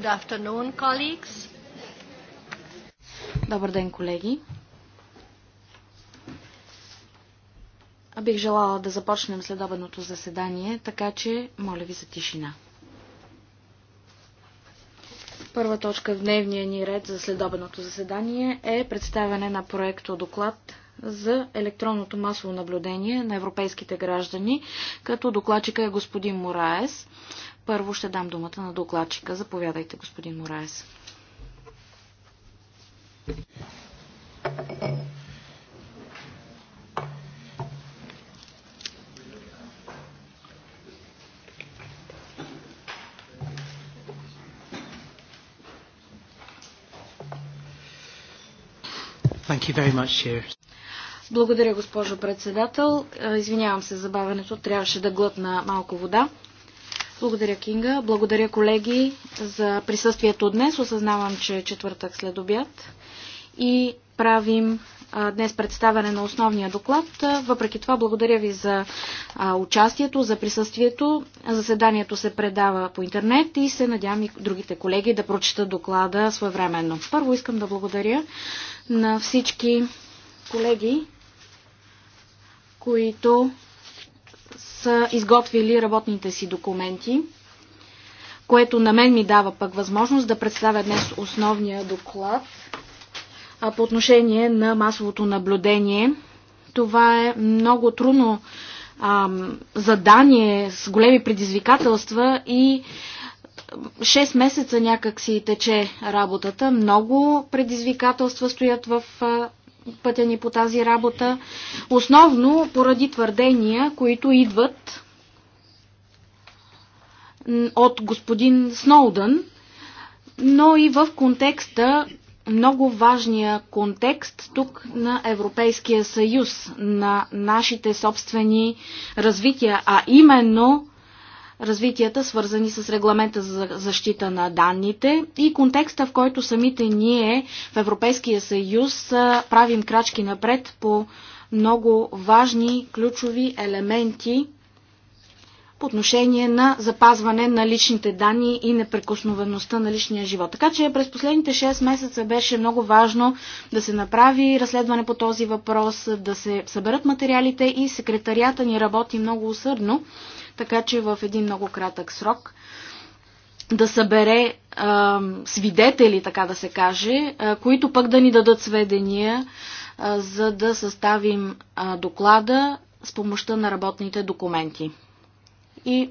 Good afternoon, colleagues. Добър ден, колеги. Бих желала да започнем следобедното заседание, така че моля ви за тишина. Първа точка в дневния ни ред за следобедното заседание е представяне на проекто доклад за електронното масово наблюдение на европейските граждани, като докладчика е господин Мораес. Първо ще дам думата на докладчика. Заповядайте, господин Мораес. Благодаря, госпожо председател. Извинявам се за бавенето. Трябваше да глътна малко вода. Благодаря, Кинга. Благодаря, колеги, за присъствието днес. Осъзнавам, че е четвъртък след обяд и правим днес представяне на основния доклад. Въпреки това, благодаря ви за участието, за присъствието. Заседанието се предава по интернет и се надявам и другите колеги да прочитат доклада своевременно. Първо искам да благодаря на всички колеги, които са изготвили работните си документи, което на мен ми дава пък възможност да представя днес основния доклад по отношение на масовото наблюдение. Това е много трудно ам, задание с големи предизвикателства и 6 месеца някак си тече работата. Много предизвикателства стоят в пътя ни по тази работа, основно поради твърдения, които идват от господин Сноудън, но и в контекста, много важния контекст тук на Европейския съюз, на нашите собствени развития, а именно развитията, свързани с регламента за защита на данните и контекста, в който самите ние в Европейския съюз правим крачки напред по много важни ключови елементи по отношение на запазване на личните данни и непрекосновеността на личния живот. Така че през последните 6 месеца беше много важно да се направи разследване по този въпрос, да се съберат материалите и секретарията ни работи много усърдно така че в един много кратък срок да събере а, свидетели, така да се каже, а, които пък да ни дадат сведения, а, за да съставим а, доклада с помощта на работните документи. И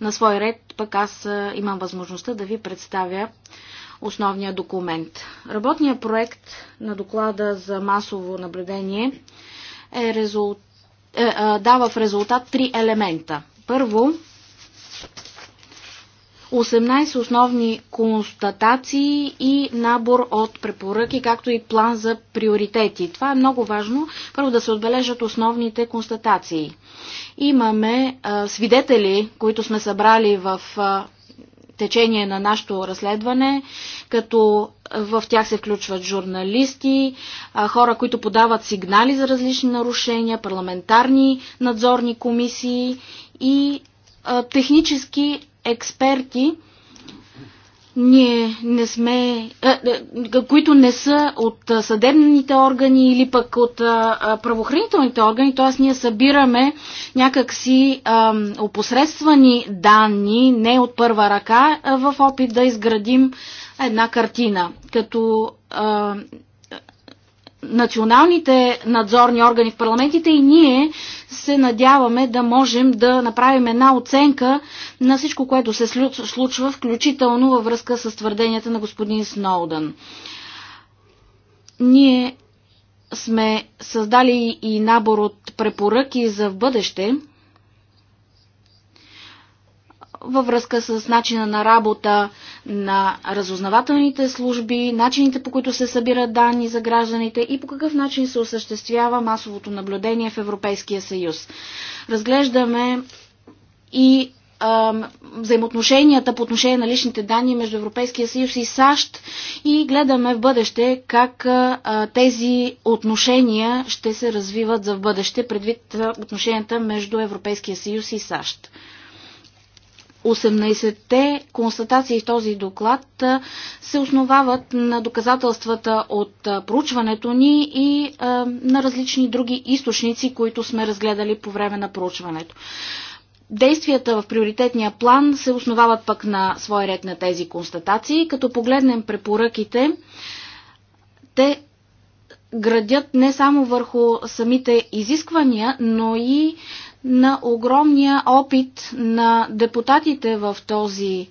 на свой ред пък аз а, имам възможността да ви представя основния документ. Работният проект на доклада за масово наблюдение е е, е, дава в резултат три елемента. Първо, 18 основни констатации и набор от препоръки, както и план за приоритети. Това е много важно, първо да се отбележат основните констатации. Имаме а, свидетели, които сме събрали в а, течение на нашето разследване, като в тях се включват журналисти, хора, които подават сигнали за различни нарушения, парламентарни надзорни комисии и а, технически експерти, ние не сме, които не са от съдебните органи или пък от правоохранителните органи, т.е. ние събираме някакси опосредствани данни, не от първа ръка, в опит да изградим една картина. Като националните надзорни органи в парламентите и ние се надяваме да можем да направим една оценка на всичко, което се случва, включително във връзка с твърденията на господин Сноудън. Ние сме създали и набор от препоръки за в бъдеще във връзка с начина на работа на разузнавателните служби, начините по които се събират данни за гражданите и по какъв начин се осъществява масовото наблюдение в Европейския съюз. Разглеждаме и взаимоотношенията по отношение на личните данни между Европейския съюз и САЩ и гледаме в бъдеще как тези отношения ще се развиват за в бъдеще предвид отношенията между Европейския съюз и САЩ. 18-те констатации в този доклад се основават на доказателствата от проучването ни и на различни други източници, които сме разгледали по време на проучването. Действията в приоритетния план се основават пък на своя ред на тези констатации. Като погледнем препоръките, те градят не само върху самите изисквания, но и на огромния опит на депутатите в този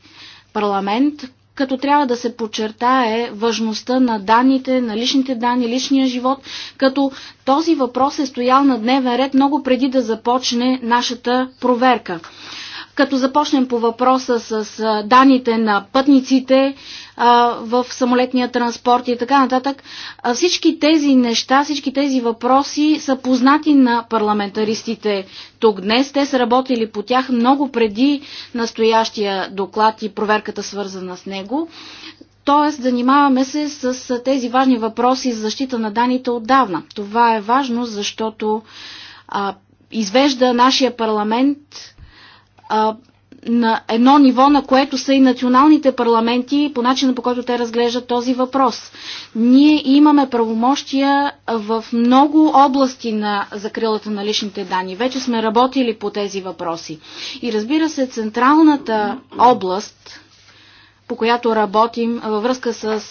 парламент, като трябва да се подчертае важността на данните, на личните данни, личния живот, като този въпрос е стоял на дневен ред много преди да започне нашата проверка. Като започнем по въпроса с данните на пътниците, в самолетния транспорт и така нататък. Всички тези неща, всички тези въпроси са познати на парламентаристите тук днес. Те са работили по тях много преди настоящия доклад и проверката свързана с него. Тоест, занимаваме се с тези важни въпроси за защита на данните отдавна. Това е важно, защото а, извежда нашия парламент а, на едно ниво, на което са и националните парламенти по начина по който те разглеждат този въпрос. Ние имаме правомощия в много области на закрилата на личните данни. Вече сме работили по тези въпроси. И разбира се, централната област, по която работим във връзка с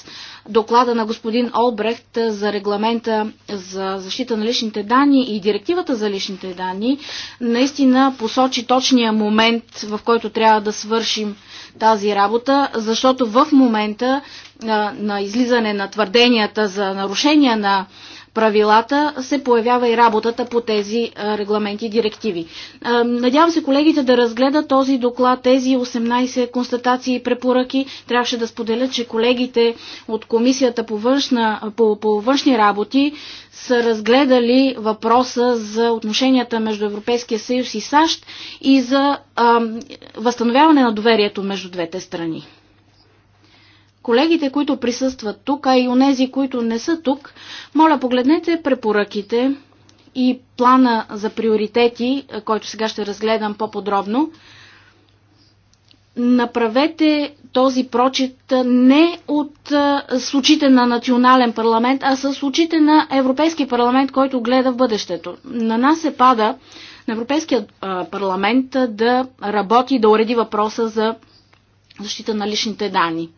доклада на господин Олбрехт за регламента за защита на личните данни и директивата за личните данни наистина посочи точния момент, в който трябва да свършим тази работа, защото в момента на, излизане на твърденията за нарушения на правилата се появява и работата по тези регламенти и директиви. Надявам се колегите да разгледат този доклад, тези 18 констатации и препоръки. Трябваше да споделя, че колегите от Комисията по, външна, по, по външни работи са разгледали въпроса за отношенията между Европейския съюз и САЩ и за възстановяване на доверието между двете страни. Колегите, които присъстват тук, а и онези, които не са тук, моля погледнете препоръките и плана за приоритети, който сега ще разгледам по-подробно. Направете този прочит не от с очите на национален парламент, а с очите на Европейски парламент, който гледа в бъдещето. На нас се пада на Европейския парламент да работи, да уреди въпроса за защита на личните данни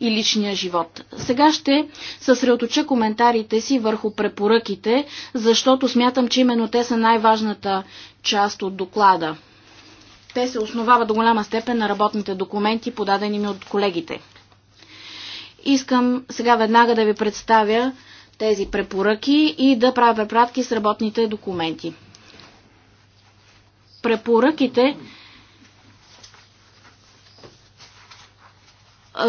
и личния живот. Сега ще съсредоточа коментарите си върху препоръките, защото смятам, че именно те са най-важната част от доклада. Те се основават до голяма степен на работните документи, подадени ми от колегите. Искам сега веднага да ви представя тези препоръки и да правя препратки с работните документи. Препоръките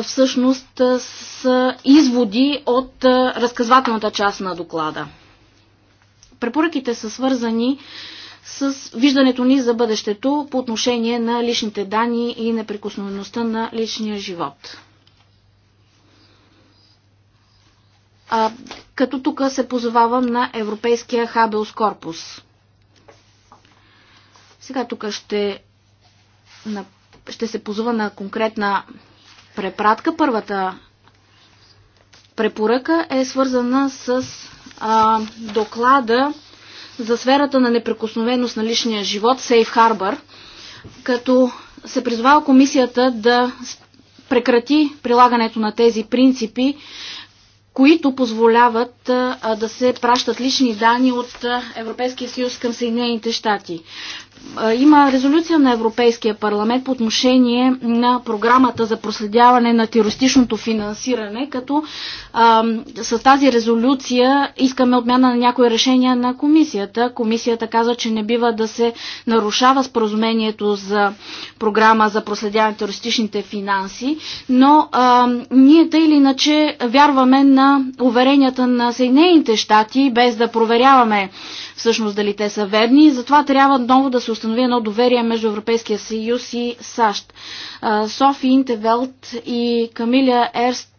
всъщност са изводи от разказвателната част на доклада. Препоръките са свързани с виждането ни за бъдещето по отношение на личните данни и неприкосновеността на личния живот. А, като тук се позовавам на Европейския хабелс корпус. Сега тук ще, ще се позова на конкретна препратка. Първата препоръка е свързана с а, доклада за сферата на неприкосновеност на личния живот, Safe Harbor, като се призвава комисията да прекрати прилагането на тези принципи, които позволяват а, да се пращат лични данни от Европейския съюз към Съединените щати има резолюция на Европейския парламент по отношение на програмата за проследяване на терористичното финансиране, като а, с тази резолюция искаме отмяна на някои решения на комисията. Комисията каза, че не бива да се нарушава споразумението за програма за проследяване на терористичните финанси, но а, ние тъй или иначе вярваме на уверенията на Съединените щати, без да проверяваме всъщност дали те са верни. Затова трябва отново да се установи едно доверие между Европейския съюз и САЩ. Софи Интевелт и Камилия Ерст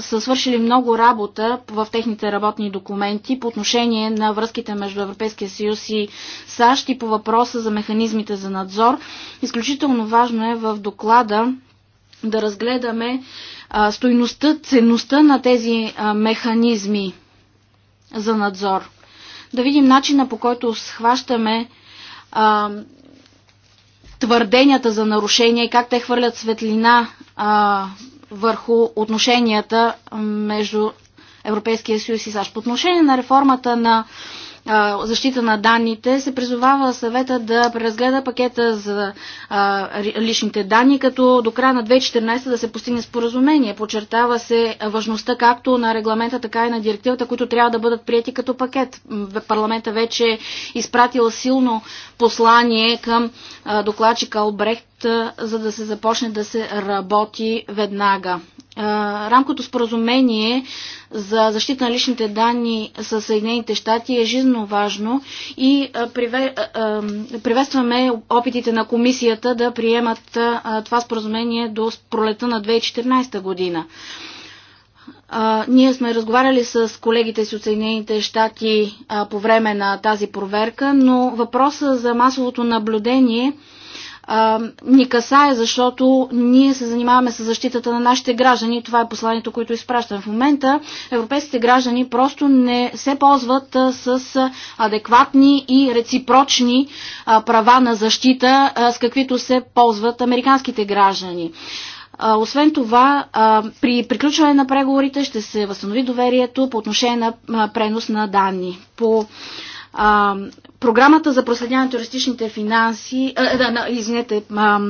са свършили много работа в техните работни документи по отношение на връзките между Европейския съюз и САЩ и по въпроса за механизмите за надзор. Изключително важно е в доклада да разгледаме стойността, ценността на тези механизми за надзор да видим начина по който схващаме а, твърденията за нарушения и как те хвърлят светлина а, върху отношенията между Европейския съюз и САЩ. По отношение на реформата на защита на данните, се призовава съвета да преразгледа пакета за личните данни, като до края на 2014 да се постигне споразумение. Почертава се важността както на регламента, така и на директивата, които трябва да бъдат прияти като пакет. Парламента вече е изпратил силно послание към докладчика Албрехт за да се започне да се работи веднага. Рамкото споразумение за защита на личните данни с Съединените щати е жизненно важно и приветстваме опитите на комисията да приемат това споразумение до пролета на 2014 година. ние сме разговаряли с колегите си от Съединените щати по време на тази проверка, но въпроса за масовото наблюдение а, ни касае, защото ние се занимаваме с защитата на нашите граждани. Това е посланието, което изпращам. В момента европейските граждани просто не се ползват а, с адекватни и реципрочни а, права на защита, а, с каквито се ползват американските граждани. Освен това, при приключване на преговорите ще се възстанови доверието по отношение на пренос на данни. По програмата за проследяване на туристичните финанси, а, да, на, извинете, а,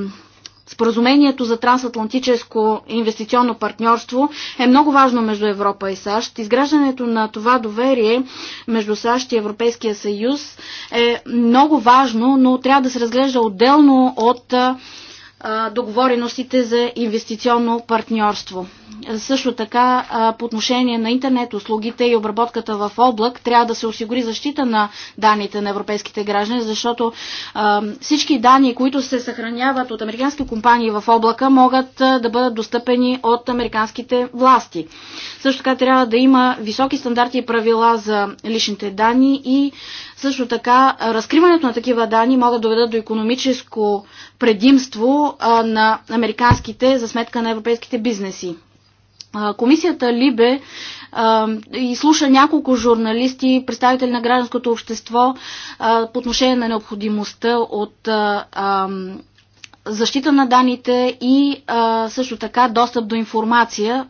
Споразумението за трансатлантическо инвестиционно партньорство е много важно между Европа и САЩ. Изграждането на това доверие между САЩ и Европейския съюз е много важно, но трябва да се разглежда отделно от договореностите за инвестиционно партньорство. Също така по отношение на интернет услугите и обработката в облак трябва да се осигури защита на данните на европейските граждани, защото всички данни, които се съхраняват от американски компании в облака, могат да бъдат достъпени от американските власти. Също така трябва да има високи стандарти и правила за личните данни и също така, разкриването на такива данни могат да доведат до економическо предимство на американските за сметка на европейските бизнеси. Комисията Либе изслуша няколко журналисти, представители на гражданското общество по отношение на необходимостта от защита на данните и също така достъп до информация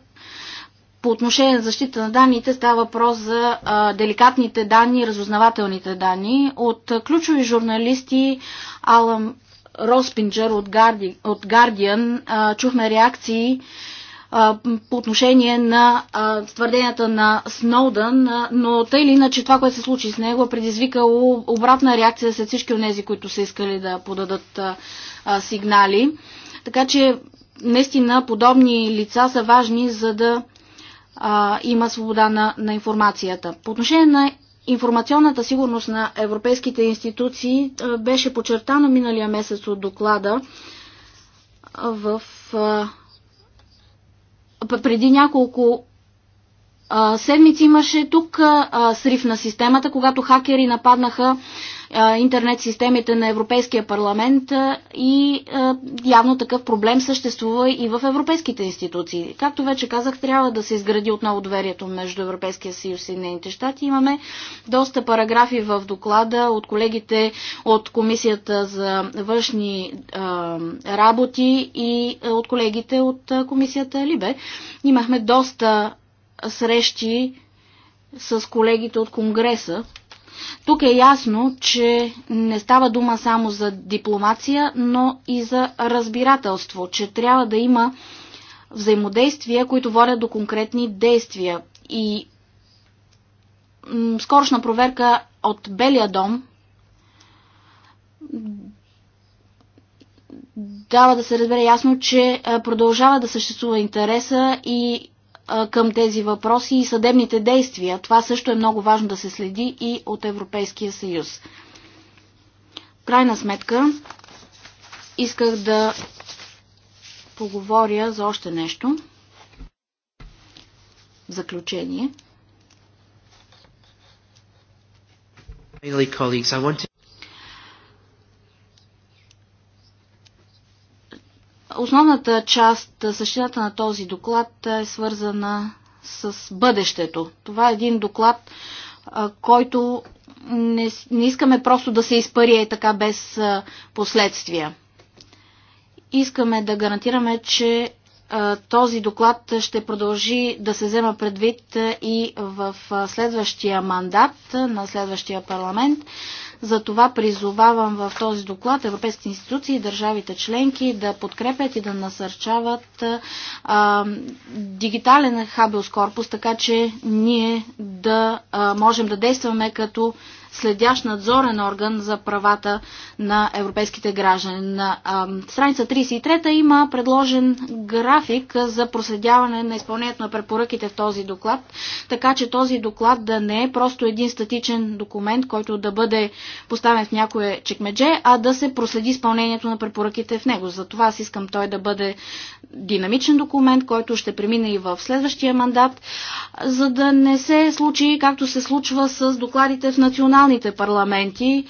по отношение на защита на данните става въпрос за а, деликатните данни, разузнавателните данни. От а, ключови журналисти Алам Роспинджер от, Гарди, от Guardian а, чухме реакции а, по отношение на а, твърденията на Сноудън, а, но тъй или иначе това, което се случи с него, е предизвикало обратна реакция след всички от тези, които са искали да подадат а, а, сигнали. Така че наистина подобни лица са важни, за да а, има свобода на, на информацията. По отношение на информационната сигурност на европейските институции а, беше подчертано миналия месец от доклада в. А, преди няколко а, седмици имаше тук а, срив на системата, когато хакери нападнаха интернет системите на Европейския парламент и явно такъв проблем съществува и в европейските институции. Както вече казах, трябва да се изгради отново доверието между Европейския съюз и нейните щати. Имаме доста параграфи в доклада от колегите от Комисията за външни работи и от колегите от Комисията Либе. Имахме доста срещи с колегите от Конгреса тук е ясно, че не става дума само за дипломация, но и за разбирателство, че трябва да има взаимодействия, които водят до конкретни действия. И скорошна проверка от Белия дом дава да се разбере ясно, че продължава да съществува интереса и към тези въпроси и съдебните действия. Това също е много важно да се следи и от Европейския съюз. В крайна сметка, исках да поговоря за още нещо. В заключение. Основната част, същината на този доклад е свързана с бъдещето. Това е един доклад, който не, не искаме просто да се изпари и е така без последствия. Искаме да гарантираме, че този доклад ще продължи да се взема предвид и в следващия мандат на следващия парламент. Затова призовавам в този доклад европейските институции и държавите членки да подкрепят и да насърчават а, дигитален хабелс корпус, така че ние да а, можем да действаме като следящ надзорен орган за правата на европейските граждани. На страница 33 има предложен график за проследяване на изпълнението на препоръките в този доклад, така че този доклад да не е просто един статичен документ, който да бъде поставен в някое чекмедже, а да се проследи изпълнението на препоръките в него. Затова аз искам той да бъде динамичен документ, който ще премине и в следващия мандат, за да не се случи, както се случва с докладите в националната националните парламенти,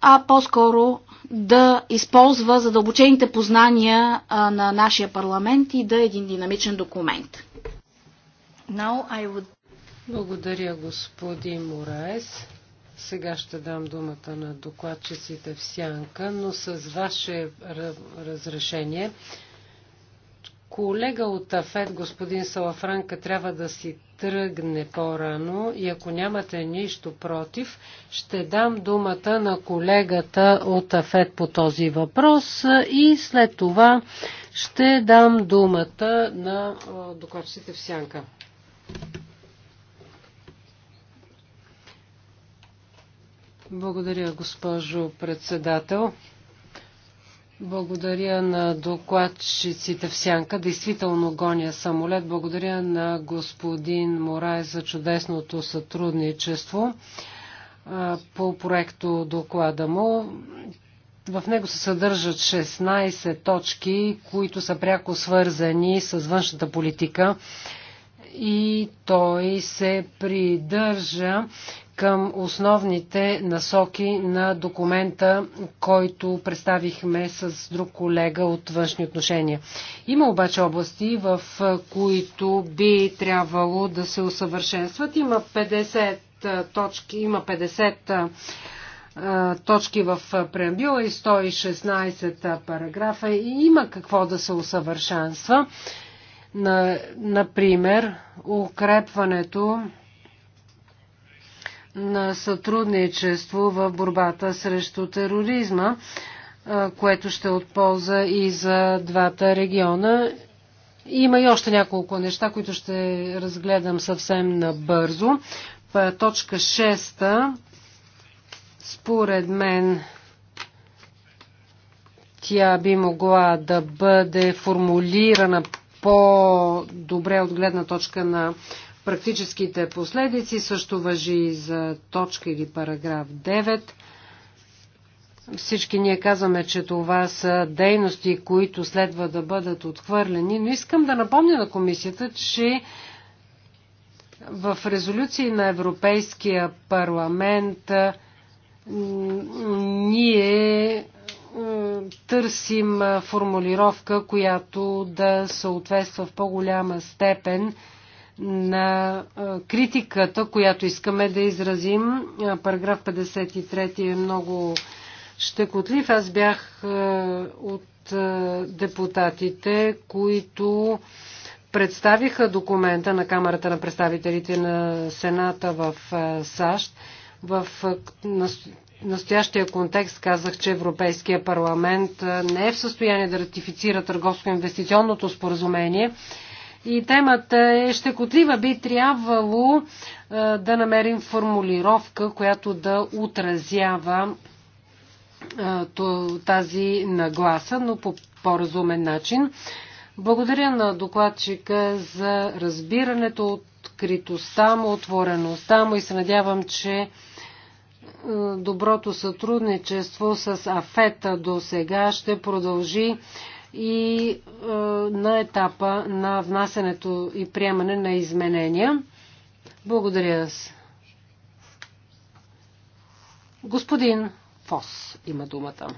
а по-скоро да използва задълбочените познания на нашия парламент и да е един динамичен документ. Would... Благодаря, господин Мураес. Сега ще дам думата на докладчиците в сянка, но с ваше разрешение колега от Афет, господин Салафранка, трябва да си тръгне по-рано и ако нямате нищо против, ще дам думата на колегата от Афет по този въпрос и след това ще дам думата на докладчиците в сянка. Благодаря, госпожо председател. Благодаря на докладчиците в Сянка. Действително гоня самолет. Благодаря на господин Морай за чудесното сътрудничество по проекто доклада му. В него се съдържат 16 точки, които са пряко свързани с външната политика и той се придържа към основните насоки на документа, който представихме с друг колега от външни отношения. Има обаче области, в които би трябвало да се усъвършенстват. Има 50 точки, има 50 точки в преамбюла и 116 параграфа и има какво да се усъвършенства. На, например, укрепването на сътрудничество в борбата срещу тероризма, което ще е от полза и за двата региона. Има и още няколко неща, които ще разгледам съвсем набързо. Точка 6. Според мен тя би могла да бъде формулирана по-добре от гледна точка на практическите последици. Също въжи и за точка или параграф 9. Всички ние казваме, че това са дейности, които следва да бъдат отхвърлени, но искам да напомня на комисията, че в резолюции на Европейския парламент ние е, търсим е, формулировка, която да съответства в по-голяма степен на е, критиката, която искаме да изразим. Параграф 53 е много щекотлив. Аз бях от депутатите, които представиха документа на Камерата на представителите на Сената в САЩ. В настоящия контекст казах, че Европейския парламент не е в състояние да ратифицира търговско-инвестиционното споразумение. И темата е щекотлива. Би трябвало да намерим формулировка, която да отразява тази нагласа, но по по-разумен начин. Благодаря на докладчика за разбирането, откритостта му, отвореността му и се надявам, че доброто сътрудничество с АФЕТА до сега ще продължи и е, на етапа на внасянето и приемане на изменения. Благодаря. Господин Фос има думата.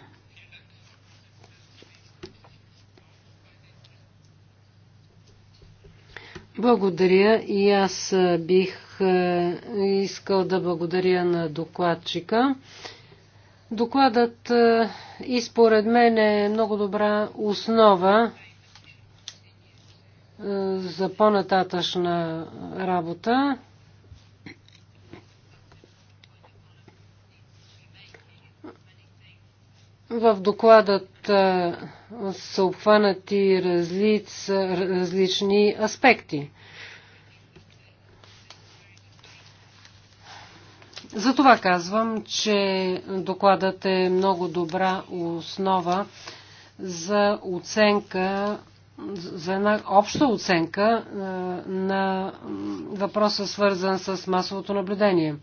Благодаря и аз е, бих е, искал да благодаря на докладчика. Докладът е, и според мен е много добра основа е, за по-нататъчна работа. В докладът са обхванати разлиц, различни аспекти. Затова казвам, че докладът е много добра основа за оценка, за една обща оценка е, на въпроса, свързан с масовото наблюдение.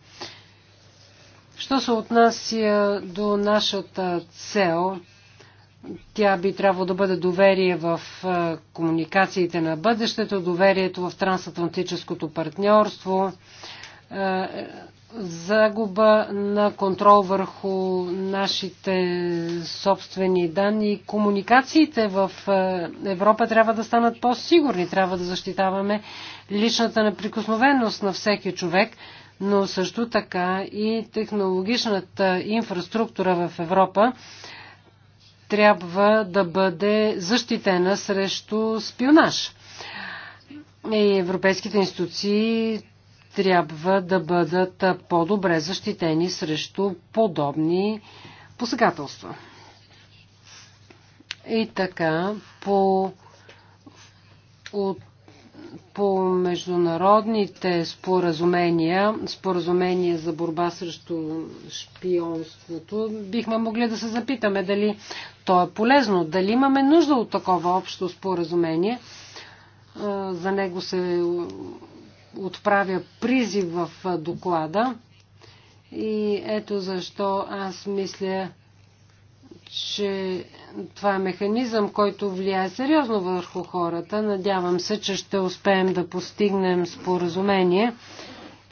Що се отнася до нашата цел, тя би трябвало да бъде доверие в е, комуникациите на бъдещето, доверието в трансатлантическото партньорство, е, загуба на контрол върху нашите собствени данни. Комуникациите в е, Европа трябва да станат по-сигурни. Трябва да защитаваме личната неприкосновеност на всеки човек, но също така и технологичната инфраструктура в Европа трябва да бъде защитена срещу спионаж. И европейските институции трябва да бъдат по-добре защитени срещу подобни посегателства. И така, по, от, по международните споразумения, споразумение за борба срещу шпионството, бихме могли да се запитаме дали то е полезно, дали имаме нужда от такова общо споразумение. За него се отправя призив в доклада. И ето защо аз мисля, че това е механизъм, който влияе сериозно върху хората. Надявам се, че ще успеем да постигнем споразумение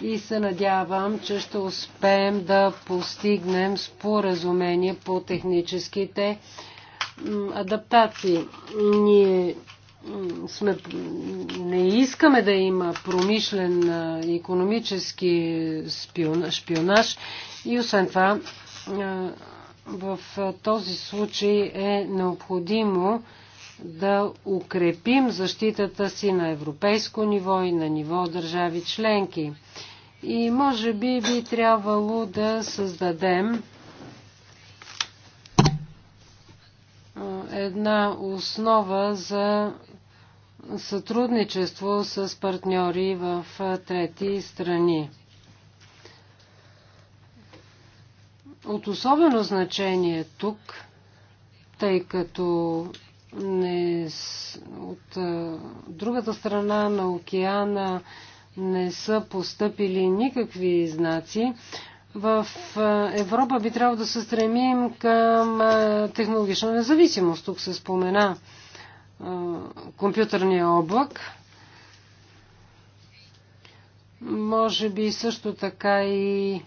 и се надявам, че ще успеем да постигнем споразумение по техническите адаптации. Ние сме, не искаме да има промишлен економически шпионаж и освен това в този случай е необходимо да укрепим защитата си на европейско ниво и на ниво държави членки. И може би би трябвало да създадем една основа за сътрудничество с партньори в трети страни. От особено значение тук, тъй като не, от другата страна на океана не са постъпили никакви знаци, в Европа би трябвало да се стремим към технологична независимост. Тук се спомена компютърния облак. Може би също така и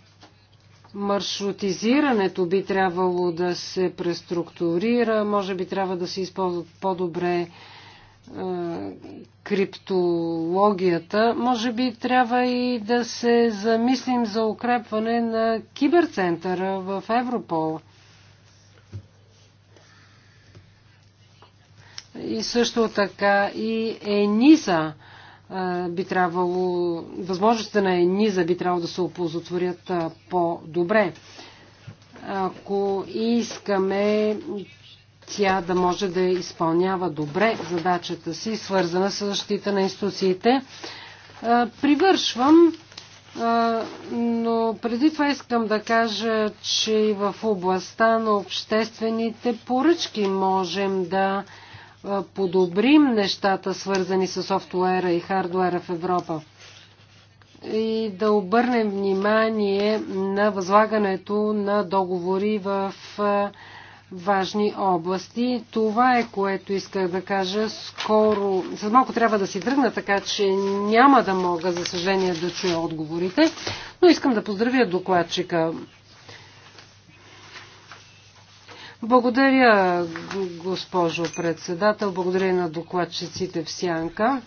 маршрутизирането би трябвало да се преструктурира, може би трябва да се използват по-добре е, криптологията. Може би трябва и да се замислим за укрепване на киберцентъра в Европол. И също така и Ениза би трябвало, възможностите на ЕНИЗА би трябвало да се оползотворят по-добре. Ако искаме тя да може да изпълнява добре задачата си, свързана с защита на институциите. Привършвам, но преди това искам да кажа, че и в областта на обществените поръчки можем да подобрим нещата, свързани с софтуера и хардуера в Европа. И да обърнем внимание на възлагането на договори в важни области. Това е което исках да кажа. Скоро, Със малко трябва да си тръгна, така че няма да мога, за съжаление, да чуя отговорите, но искам да поздравя докладчика благодаря, госпожо председател. Благодаря на докладчиците в Сянка.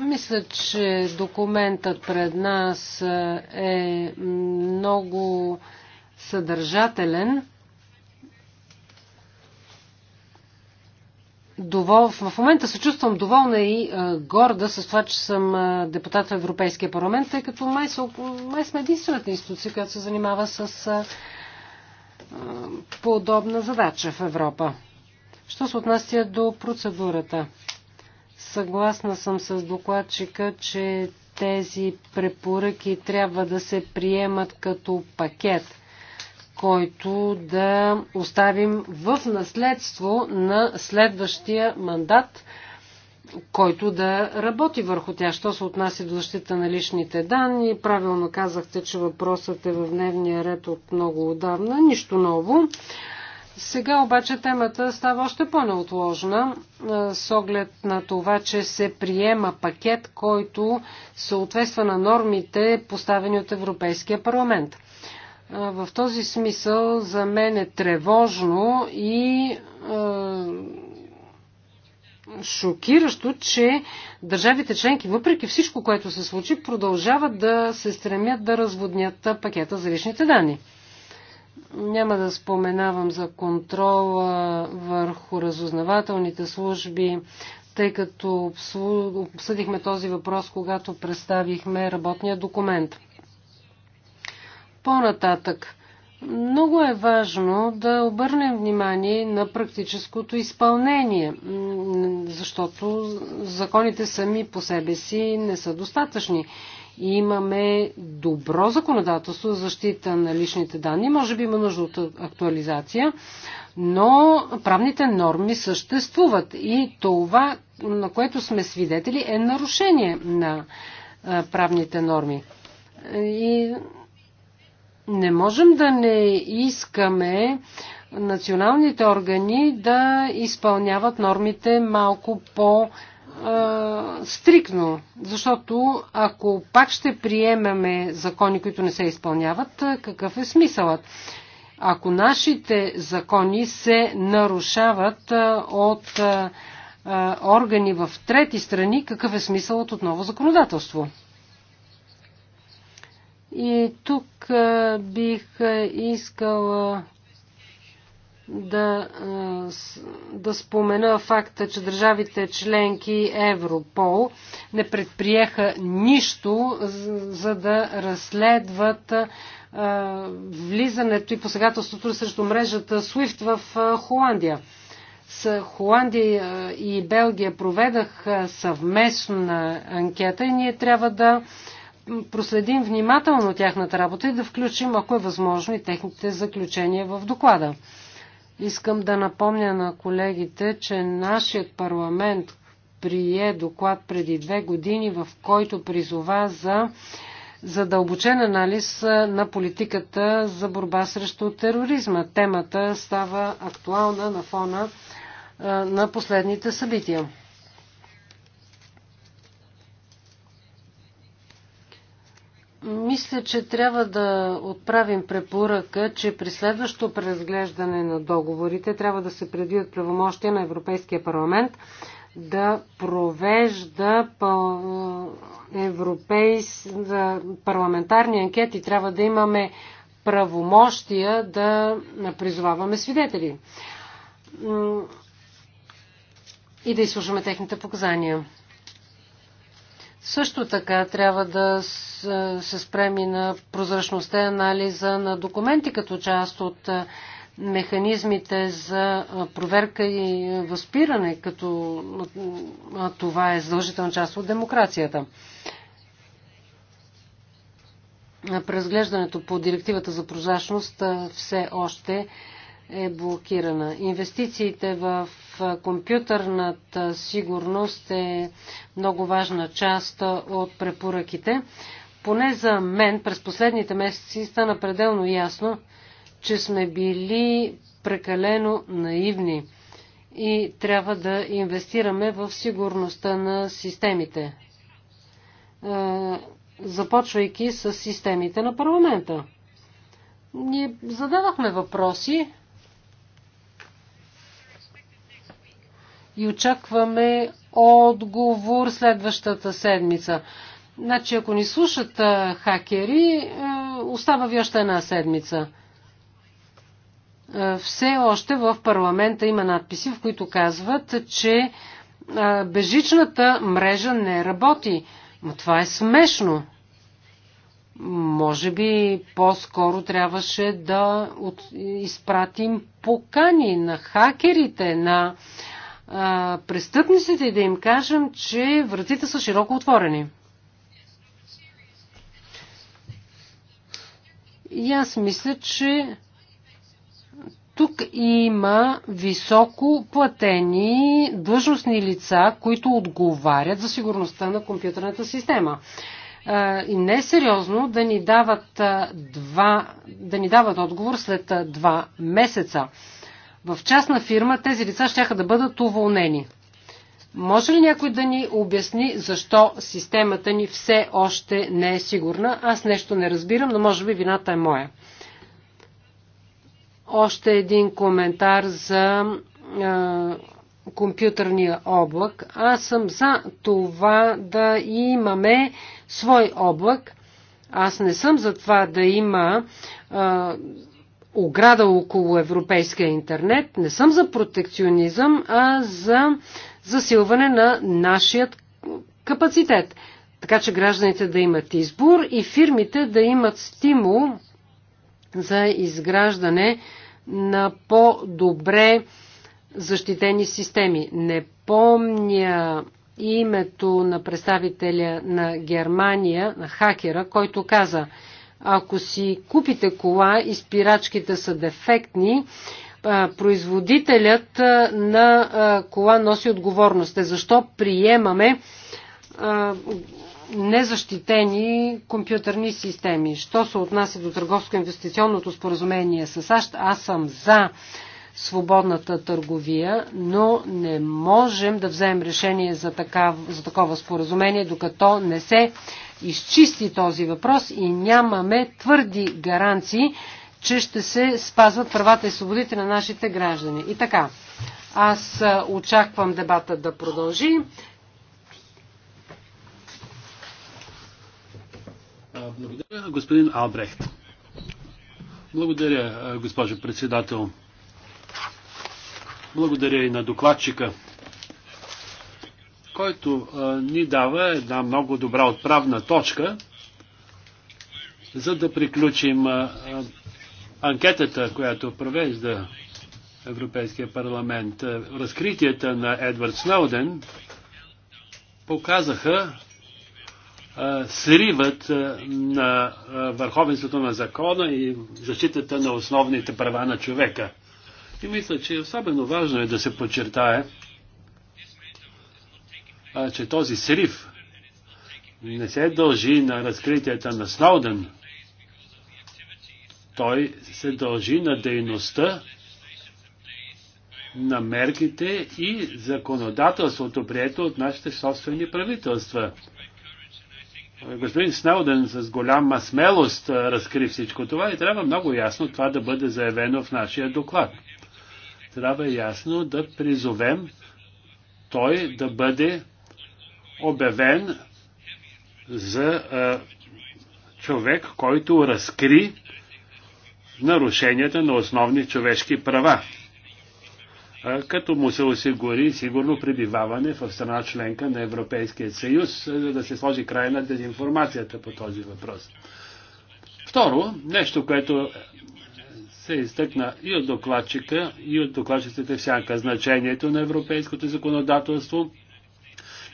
Мисля, че документът пред нас е много съдържателен. Довол... В момента се чувствам доволна и а, горда с това, че съм а, депутат в Европейския парламент, тъй като май, са, май сме единствената институция, която се занимава с а, е, подобна задача в Европа. Що се отнася до процедурата? Съгласна съм с докладчика, че тези препоръки трябва да се приемат като пакет, който да оставим в наследство на следващия мандат – който да работи върху тя. Що се отнася до защита на личните данни, правилно казахте, че въпросът е в дневния ред от много отдавна. Нищо ново. Сега обаче темата става още по-неотложна с оглед на това, че се приема пакет, който съответства на нормите, поставени от Европейския парламент. В този смисъл за мен е тревожно и шокиращо, че държавите членки, въпреки всичко, което се случи, продължават да се стремят да разводнят пакета за личните данни. Няма да споменавам за контрола върху разузнавателните служби, тъй като обсъдихме този въпрос, когато представихме работния документ. По-нататък, много е важно да обърнем внимание на практическото изпълнение, защото законите сами по себе си не са достатъчни. И имаме добро законодателство за защита на личните данни. Може би има нужда от актуализация, но правните норми съществуват и това, на което сме свидетели, е нарушение на правните норми. И не можем да не искаме националните органи да изпълняват нормите малко по- стрикно, защото ако пак ще приемаме закони, които не се изпълняват, какъв е смисълът? Ако нашите закони се нарушават от органи в трети страни, какъв е смисълът от ново законодателство? И тук бих искала да, да спомена факта, че държавите членки Европол не предприеха нищо, за да разследват влизането и посегателството срещу мрежата SWIFT в Холандия. С Холандия и Белгия проведах съвместна анкета и ние трябва да проследим внимателно тяхната работа и да включим, ако е възможно, и техните заключения в доклада. Искам да напомня на колегите, че нашият парламент прие доклад преди две години, в който призова за задълбочен анализ на политиката за борба срещу тероризма. Темата става актуална на фона на последните събития. Мисля, че трябва да отправим препоръка, че при следващото преразглеждане на договорите трябва да се предвидят правомощия на Европейския парламент да провежда европейс... парламентарни анкети. Трябва да имаме правомощия да призоваваме свидетели и да изслушаме техните показания. Също така трябва да е, се спреми на прозрачността и анализа на документи като част от е, механизмите за е, проверка и възпиране, като това е задължителна част от демокрацията. Презглеждането по директивата за прозрачност все още е блокирана. Инвестициите в компютърната сигурност е много важна част от препоръките. Поне за мен през последните месеци стана пределно ясно, че сме били прекалено наивни и трябва да инвестираме в сигурността на системите, започвайки с системите на парламента. Ние задавахме въпроси, и очакваме отговор следващата седмица. Значи, ако ни слушат хакери, е, остава ви още една седмица. Е, все още в парламента има надписи, в които казват, че е, бежичната мрежа не работи. Но това е смешно. Може би по-скоро трябваше да от... изпратим покани на хакерите, на а, престъпниците и да им кажем, че вратите са широко отворени. И аз мисля, че тук има високо платени длъжностни лица, които отговарят за сигурността на компютърната система. И не е сериозно да ни дават, два, да ни дават отговор след два месеца в частна фирма тези лица ще да бъдат уволнени. Може ли някой да ни обясни защо системата ни все още не е сигурна? Аз нещо не разбирам, но може би вината е моя. Още един коментар за е, компютърния облак. Аз съм за това да имаме свой облак. Аз не съм за това да има е, ограда около европейския интернет. Не съм за протекционизъм, а за засилване на нашият капацитет. Така че гражданите да имат избор и фирмите да имат стимул за изграждане на по-добре защитени системи. Не помня името на представителя на Германия, на хакера, който каза – ако си купите кола и спирачките са дефектни, производителят на кола носи отговорност. защо приемаме незащитени компютърни системи. Що се отнася до търговско-инвестиционното споразумение с САЩ, аз съм за свободната търговия, но не можем да вземем решение за такова споразумение, докато не се изчисти този въпрос и нямаме твърди гаранции, че ще се спазват правата и свободите на нашите граждани. И така, аз очаквам дебата да продължи. Благодаря, господин Албрехт. Благодаря, госпожо председател. Благодаря и на докладчика който ни дава една много добра отправна точка, за да приключим анкетата, която провежда Европейския парламент. Разкритията на Едвард Сноуден показаха сривът на върховенството на закона и защитата на основните права на човека. И мисля, че е особено важно е да се подчертае, а, че този срив не се дължи на разкритията на Сноуден. Той се дължи на дейността на мерките и законодателството, прието от нашите собствени правителства. Господин Сноуден с голяма смелост разкри всичко това и трябва много ясно това да бъде заявено в нашия доклад. Трябва ясно да призовем той да бъде обявен за а, човек, който разкри нарушенията на основни човешки права, а, като му се осигури сигурно пребиваване в страна членка на Европейския съюз, за да се сложи край на дезинформацията по този въпрос. Второ, нещо, което се изтъкна и от докладчика, и от докладчиците всяка значението на европейското законодателство –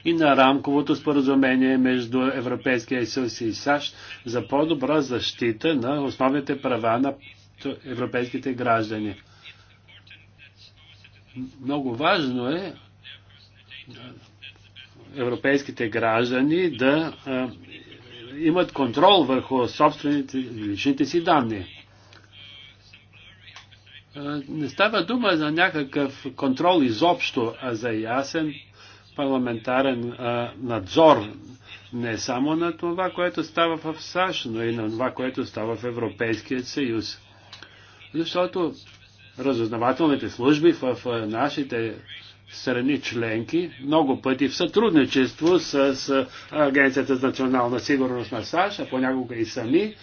и на рамковото споразумение между Европейския съюз и САЩ за по-добра защита на основните права на европейските граждани. Много важно е европейските граждани да а, имат контрол върху собствените личните си данни. не става дума за някакъв контрол изобщо, а за ясен парламентарен а, надзор не само на това, което става в САЩ, но и на това, което става в Европейския съюз. Защото разузнавателните служби в нашите страни членки много пъти в сътрудничество с, Агенцията за национална сигурност на САЩ, а понякога и сами,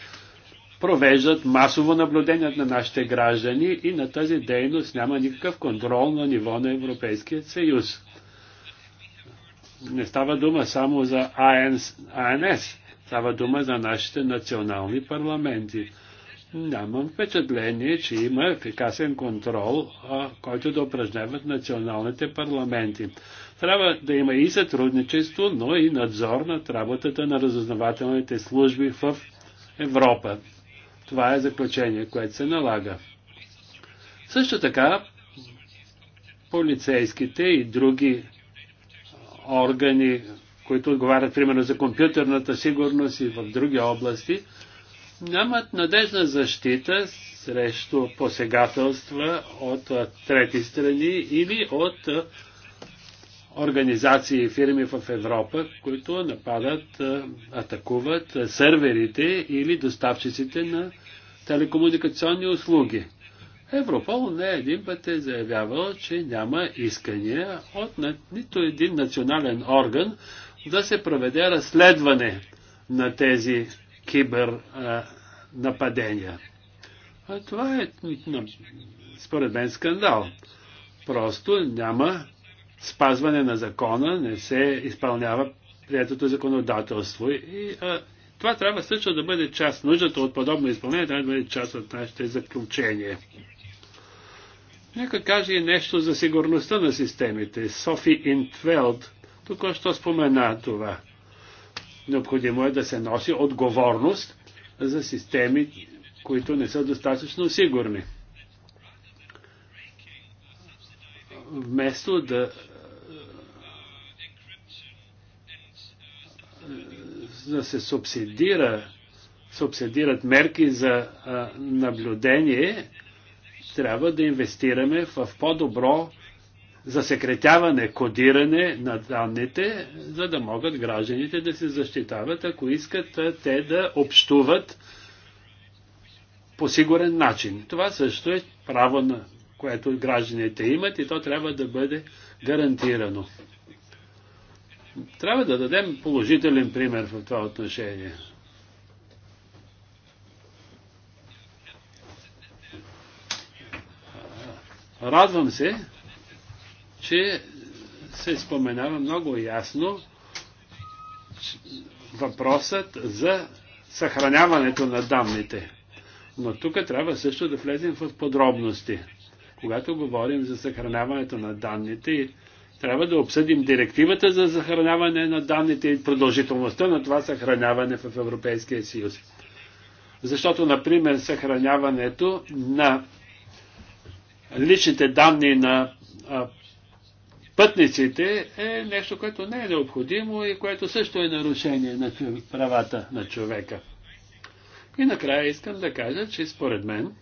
провеждат масово наблюдение на нашите граждани и на тази дейност няма никакъв контрол на ниво на Европейския съюз не става дума само за АНС, АНС става дума за нашите национални парламенти. Нямам впечатление, че има ефикасен контрол, а, който да упражняват националните парламенти. Трябва да има и сътрудничество, но и надзор над работата на разузнавателните служби в Европа. Това е заключение, което се налага. Също така, полицейските и други органи, които отговарят примерно за компютърната сигурност и в други области, нямат надежна защита срещу посегателства от трети страни или от организации и фирми в Европа, които нападат, атакуват серверите или доставчиците на телекомуникационни услуги. Европол не един път е заявявал, че няма искания от нито един национален орган да се проведе разследване на тези кибер нападения. А това е, според мен, скандал. Просто няма спазване на закона, не се изпълнява приятото законодателство. И а, това трябва също да бъде част, нуждата от подобно изпълнение трябва да бъде част от нашите заключения. Нека каже и нещо за сигурността на системите. Софи Интвелд тук що спомена това. Необходимо е да се носи отговорност за системи, които не са достатъчно сигурни. Вместо да да се субсидира, субсидират мерки за наблюдение, трябва да инвестираме в по-добро засекретяване, кодиране на данните, за да могат гражданите да се защитават, ако искат те да общуват по сигурен начин. Това също е право, на което гражданите имат и то трябва да бъде гарантирано. Трябва да дадем положителен пример в това отношение. Радвам се, че се споменава много ясно въпросът за съхраняването на данните. Но тук трябва също да влезем в подробности. Когато говорим за съхраняването на данните, трябва да обсъдим директивата за съхраняване на данните и продължителността на това съхраняване в Европейския съюз. Защото, например, съхраняването на личните данни на пътниците е нещо, което не е необходимо и което също е нарушение на правата на човека. И накрая искам да кажа, че според мен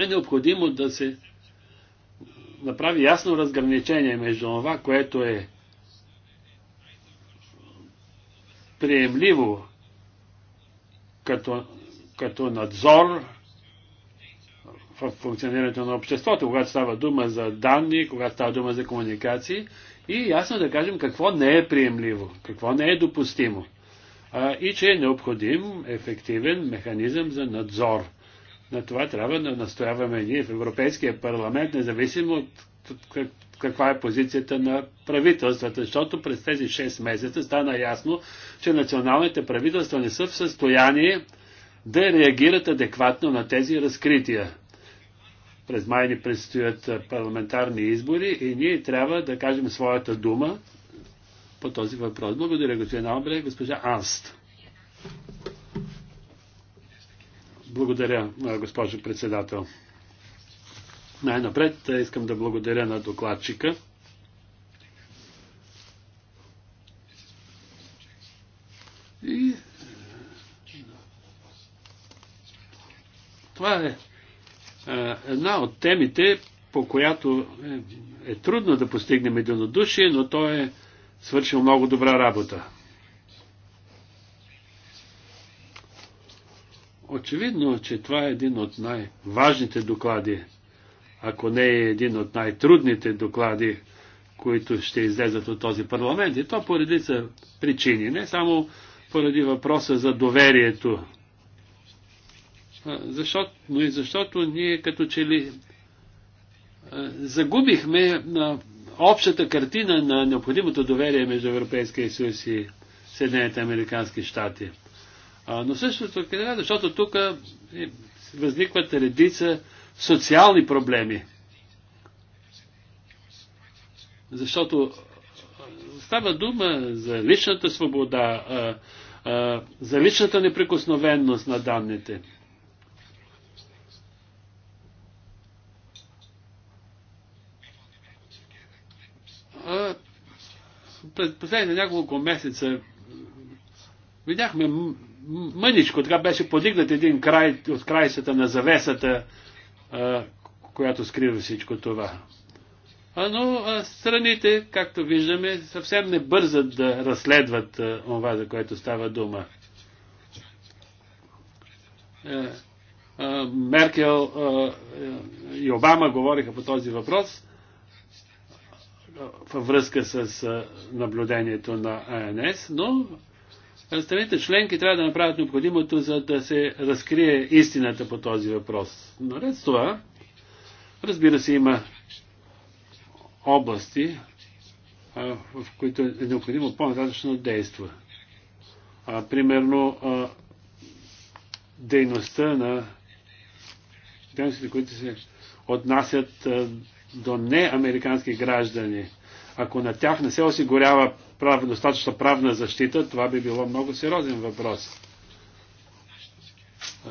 е необходимо да се направи ясно разграничение между това, което е приемливо като, като надзор функционирането на обществото, когато става дума за данни, когато става дума за комуникации и ясно да кажем какво не е приемливо, какво не е допустимо а, и че е необходим ефективен механизъм за надзор. На това трябва да настояваме ние в Европейския парламент, независимо от каква е позицията на правителствата, защото през тези 6 месеца стана ясно, че националните правителства не са в състояние да реагират адекватно на тези разкрития. През май ни предстоят парламентарни избори и ние трябва да кажем своята дума по този въпрос. Благодаря, господин Албре, госпожа Анст. Благодаря, госпожо председател. Най-напред искам да благодаря на докладчика. И това е Една от темите, по която е, е трудно да постигнем единодушие, но той е свършил много добра работа. Очевидно, че това е един от най-важните доклади, ако не е един от най-трудните доклади, които ще излезат от този парламент. И то поради са причини, не само поради въпроса за доверието защото, но и защото ние като че ли загубихме общата картина на необходимото доверие между Европейския съюз и Съединените Американски щати. Но също така, защото тук е, възникват редица социални проблеми. Защото става дума за личната свобода, за личната неприкосновенност на данните. през последните няколко месеца видяхме мъничко, така беше подигнат един край от крайсата на завесата, а, която скрива всичко това. А, но а, страните, както виждаме, съвсем не бързат да разследват това, за което става дума. Е, е, Меркел е, и Обама говориха по този въпрос във връзка с наблюдението на АНС, но страните членки трябва да направят необходимото, за да се разкрие истината по този въпрос. Наред с това, разбира се, има области, в които е необходимо по-нататъчно действа. А, примерно, а, дейността на дейностите, които се отнасят до неамерикански граждани. Ако на тях не се осигурява прав, достатъчно правна защита, това би било много сериозен въпрос.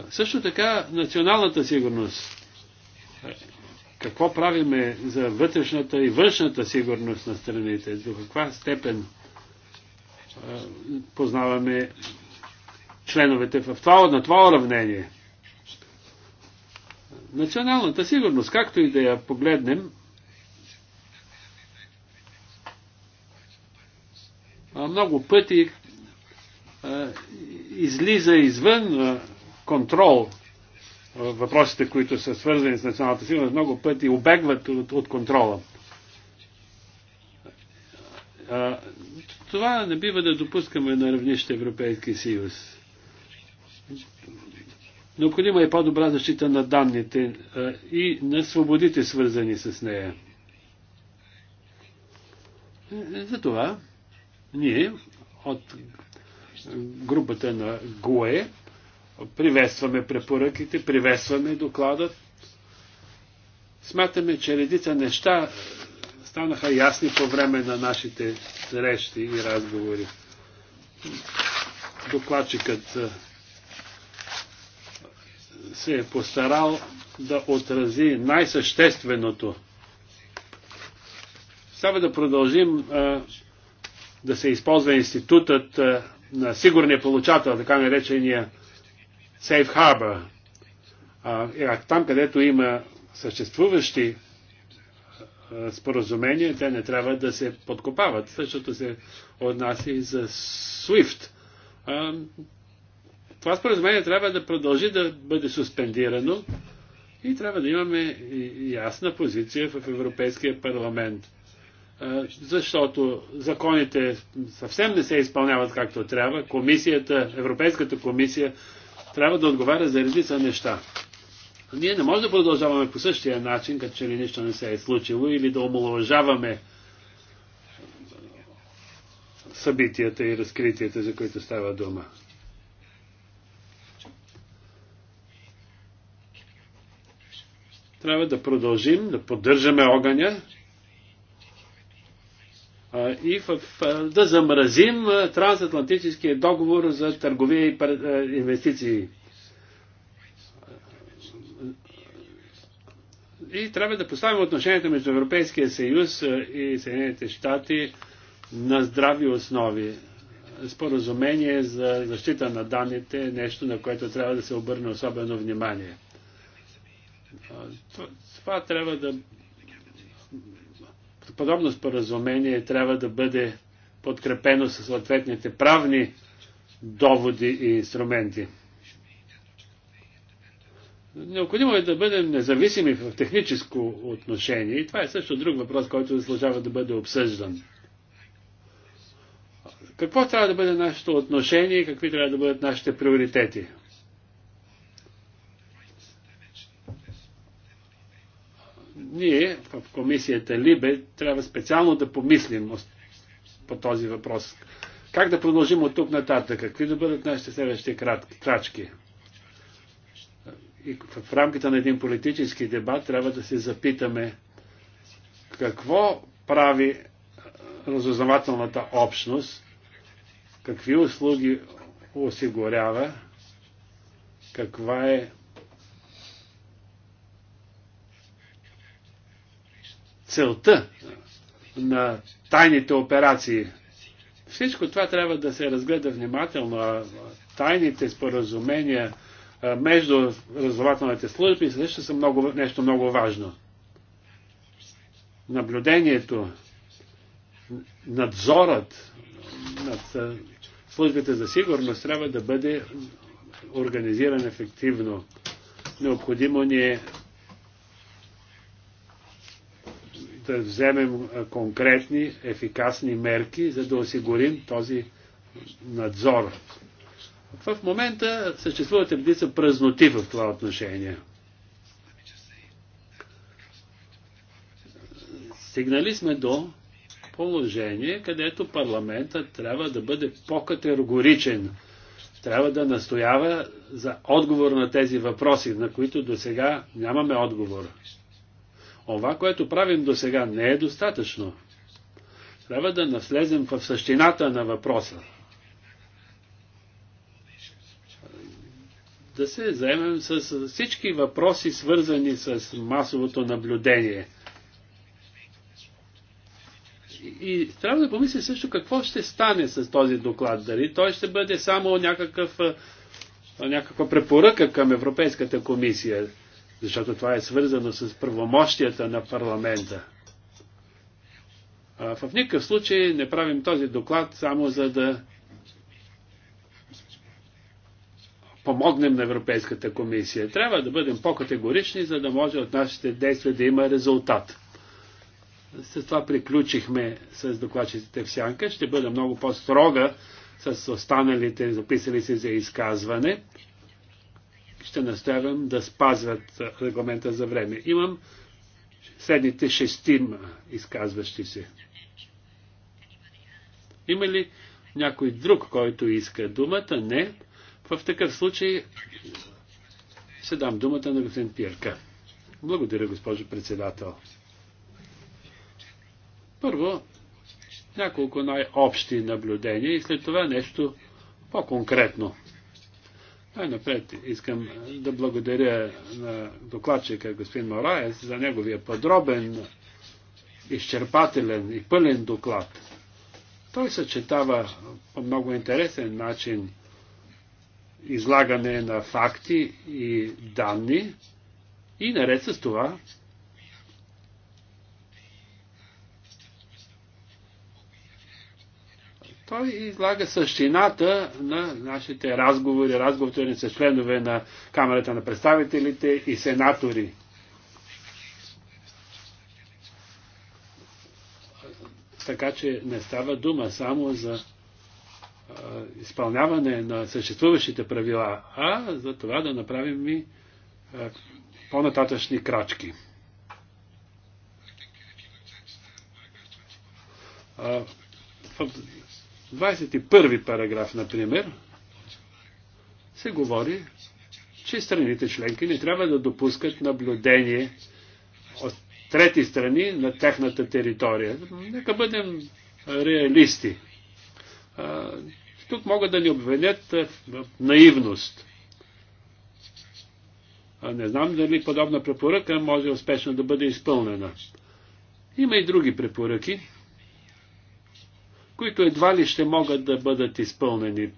Също така, националната сигурност. Е, какво правиме за вътрешната и външната сигурност на страните? До каква степен познаваме членовете в това, на това уравнение? Националната сигурност, както и да я погледнем, много пъти излиза извън контрол въпросите, които са свързани с националната сигурност, много пъти обегват от, от контрола. Това не бива да допускаме на равнище Европейски съюз. Необходима е по-добра защита на данните е, и на свободите, свързани с нея. Е, затова ние от групата на ГУЕ приветстваме препоръките, приветстваме докладът. Смятаме, че редица неща станаха ясни по време на нашите срещи и разговори. Докладчикът е, се е постарал да отрази най-същественото. Сега да продължим а, да се използва институтът а, на сигурния получател, така наречения Safe Harbor. А, е, а там, където има съществуващи а, споразумения, те не трябва да се подкопават. Същото се отнася и за SWIFT. А, това споразумение трябва да продължи да бъде суспендирано и трябва да имаме ясна позиция в Европейския парламент. Защото законите съвсем не се изпълняват както трябва. Комисията, Европейската комисия трябва да отговаря за редица неща. Ние не можем да продължаваме по същия начин, като че ли нищо не се е случило, или да омалуважаваме събитията и разкритията, за които става дума. Трябва да продължим, да поддържаме огъня и в, да замразим трансатлантическия договор за търговия и инвестиции. И трябва да поставим отношенията между Европейския съюз и Съединените щати на здрави основи. Споразумение за защита на данните е нещо, на което трябва да се обърне особено внимание. Това трябва да. Подобно споразумение трябва да бъде подкрепено със съответните правни доводи и инструменти. Необходимо е да бъдем независими в техническо отношение и това е също друг въпрос, който заслужава да бъде обсъждан. Какво трябва да бъде нашето отношение и какви трябва да бъдат нашите приоритети? ние в комисията Либе трябва специално да помислим по този въпрос. Как да продължим от тук нататък? Какви да бъдат нашите следващи крачки? И в рамките на един политически дебат трябва да се запитаме какво прави разузнавателната общност, какви услуги осигурява, каква е целта на тайните операции. Всичко това трябва да се разгледа внимателно, а тайните споразумения между разузнавателните служби също са много, нещо много важно. Наблюдението, надзорът над службите за сигурност трябва да бъде организиран ефективно. Необходимо ни е да е, вземем е, конкретни, ефикасни мерки, за да осигурим този надзор. В момента съществуват редица празноти в това отношение. Стигнали сме до положение, където парламентът трябва да бъде по-категоричен. Трябва да настоява за отговор на тези въпроси, на които до сега нямаме отговор. Ова, което правим до сега, не е достатъчно. Трябва да наслезем в същината на въпроса. Да се заемем с всички въпроси, свързани с масовото наблюдение. И трябва да помислим също какво ще стане с този доклад. Дали той ще бъде само някакъв някаква препоръка към Европейската комисия защото това е свързано с правомощията на парламента. А, в никакъв случай не правим този доклад само за да помогнем на Европейската комисия. Трябва да бъдем по-категорични, за да може от нашите действия да има резултат. С това приключихме с докладчиците в сянка. Ще бъда много по-строга с останалите записали се за изказване ще наставям да спазват регламента за време. Имам следните шестима изказващи се. Има ли някой друг, който иска думата? Не. В такъв случай ще дам думата на господин Пирка. Благодаря, госпожо председател. Първо, няколко най-общи наблюдения и след това нещо по-конкретно. Най-напред искам да благодаря на докладчика господин Мораес за неговия подробен, изчерпателен и пълен доклад. Той съчетава по много интересен начин излагане на факти и данни и наред с това Той излага същината на нашите разговори, разговорите с членове на Камерата на представителите и сенатори. Така че не става дума само за изпълняване на съществуващите правила, а за това да направим и по-нататъчни крачки. В 21 параграф, например, се говори, че страните членки не трябва да допускат наблюдение от трети страни на техната територия. Нека бъдем реалисти. Тук могат да ни обвинят в наивност. Не знам дали подобна препоръка може успешно да бъде изпълнена. Има и други препоръки, които едва ли ще могат да бъдат изпълнени.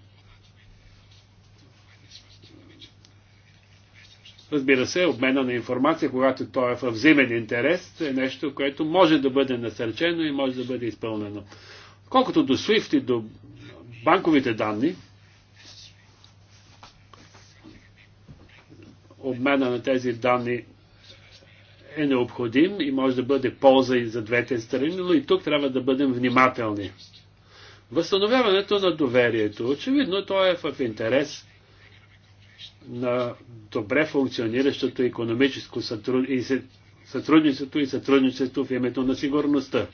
Разбира се, обмена на информация, когато той е в взимен интерес, е нещо, което може да бъде насърчено и може да бъде изпълнено. Колкото до SWIFT и до банковите данни, обмена на тези данни е необходим и може да бъде полза и за двете страни, но и тук трябва да бъдем внимателни. Възстановяването на доверието. Очевидно, то е в интерес на добре функциониращото економическо и сътрудничество и сътрудничество в името на сигурността.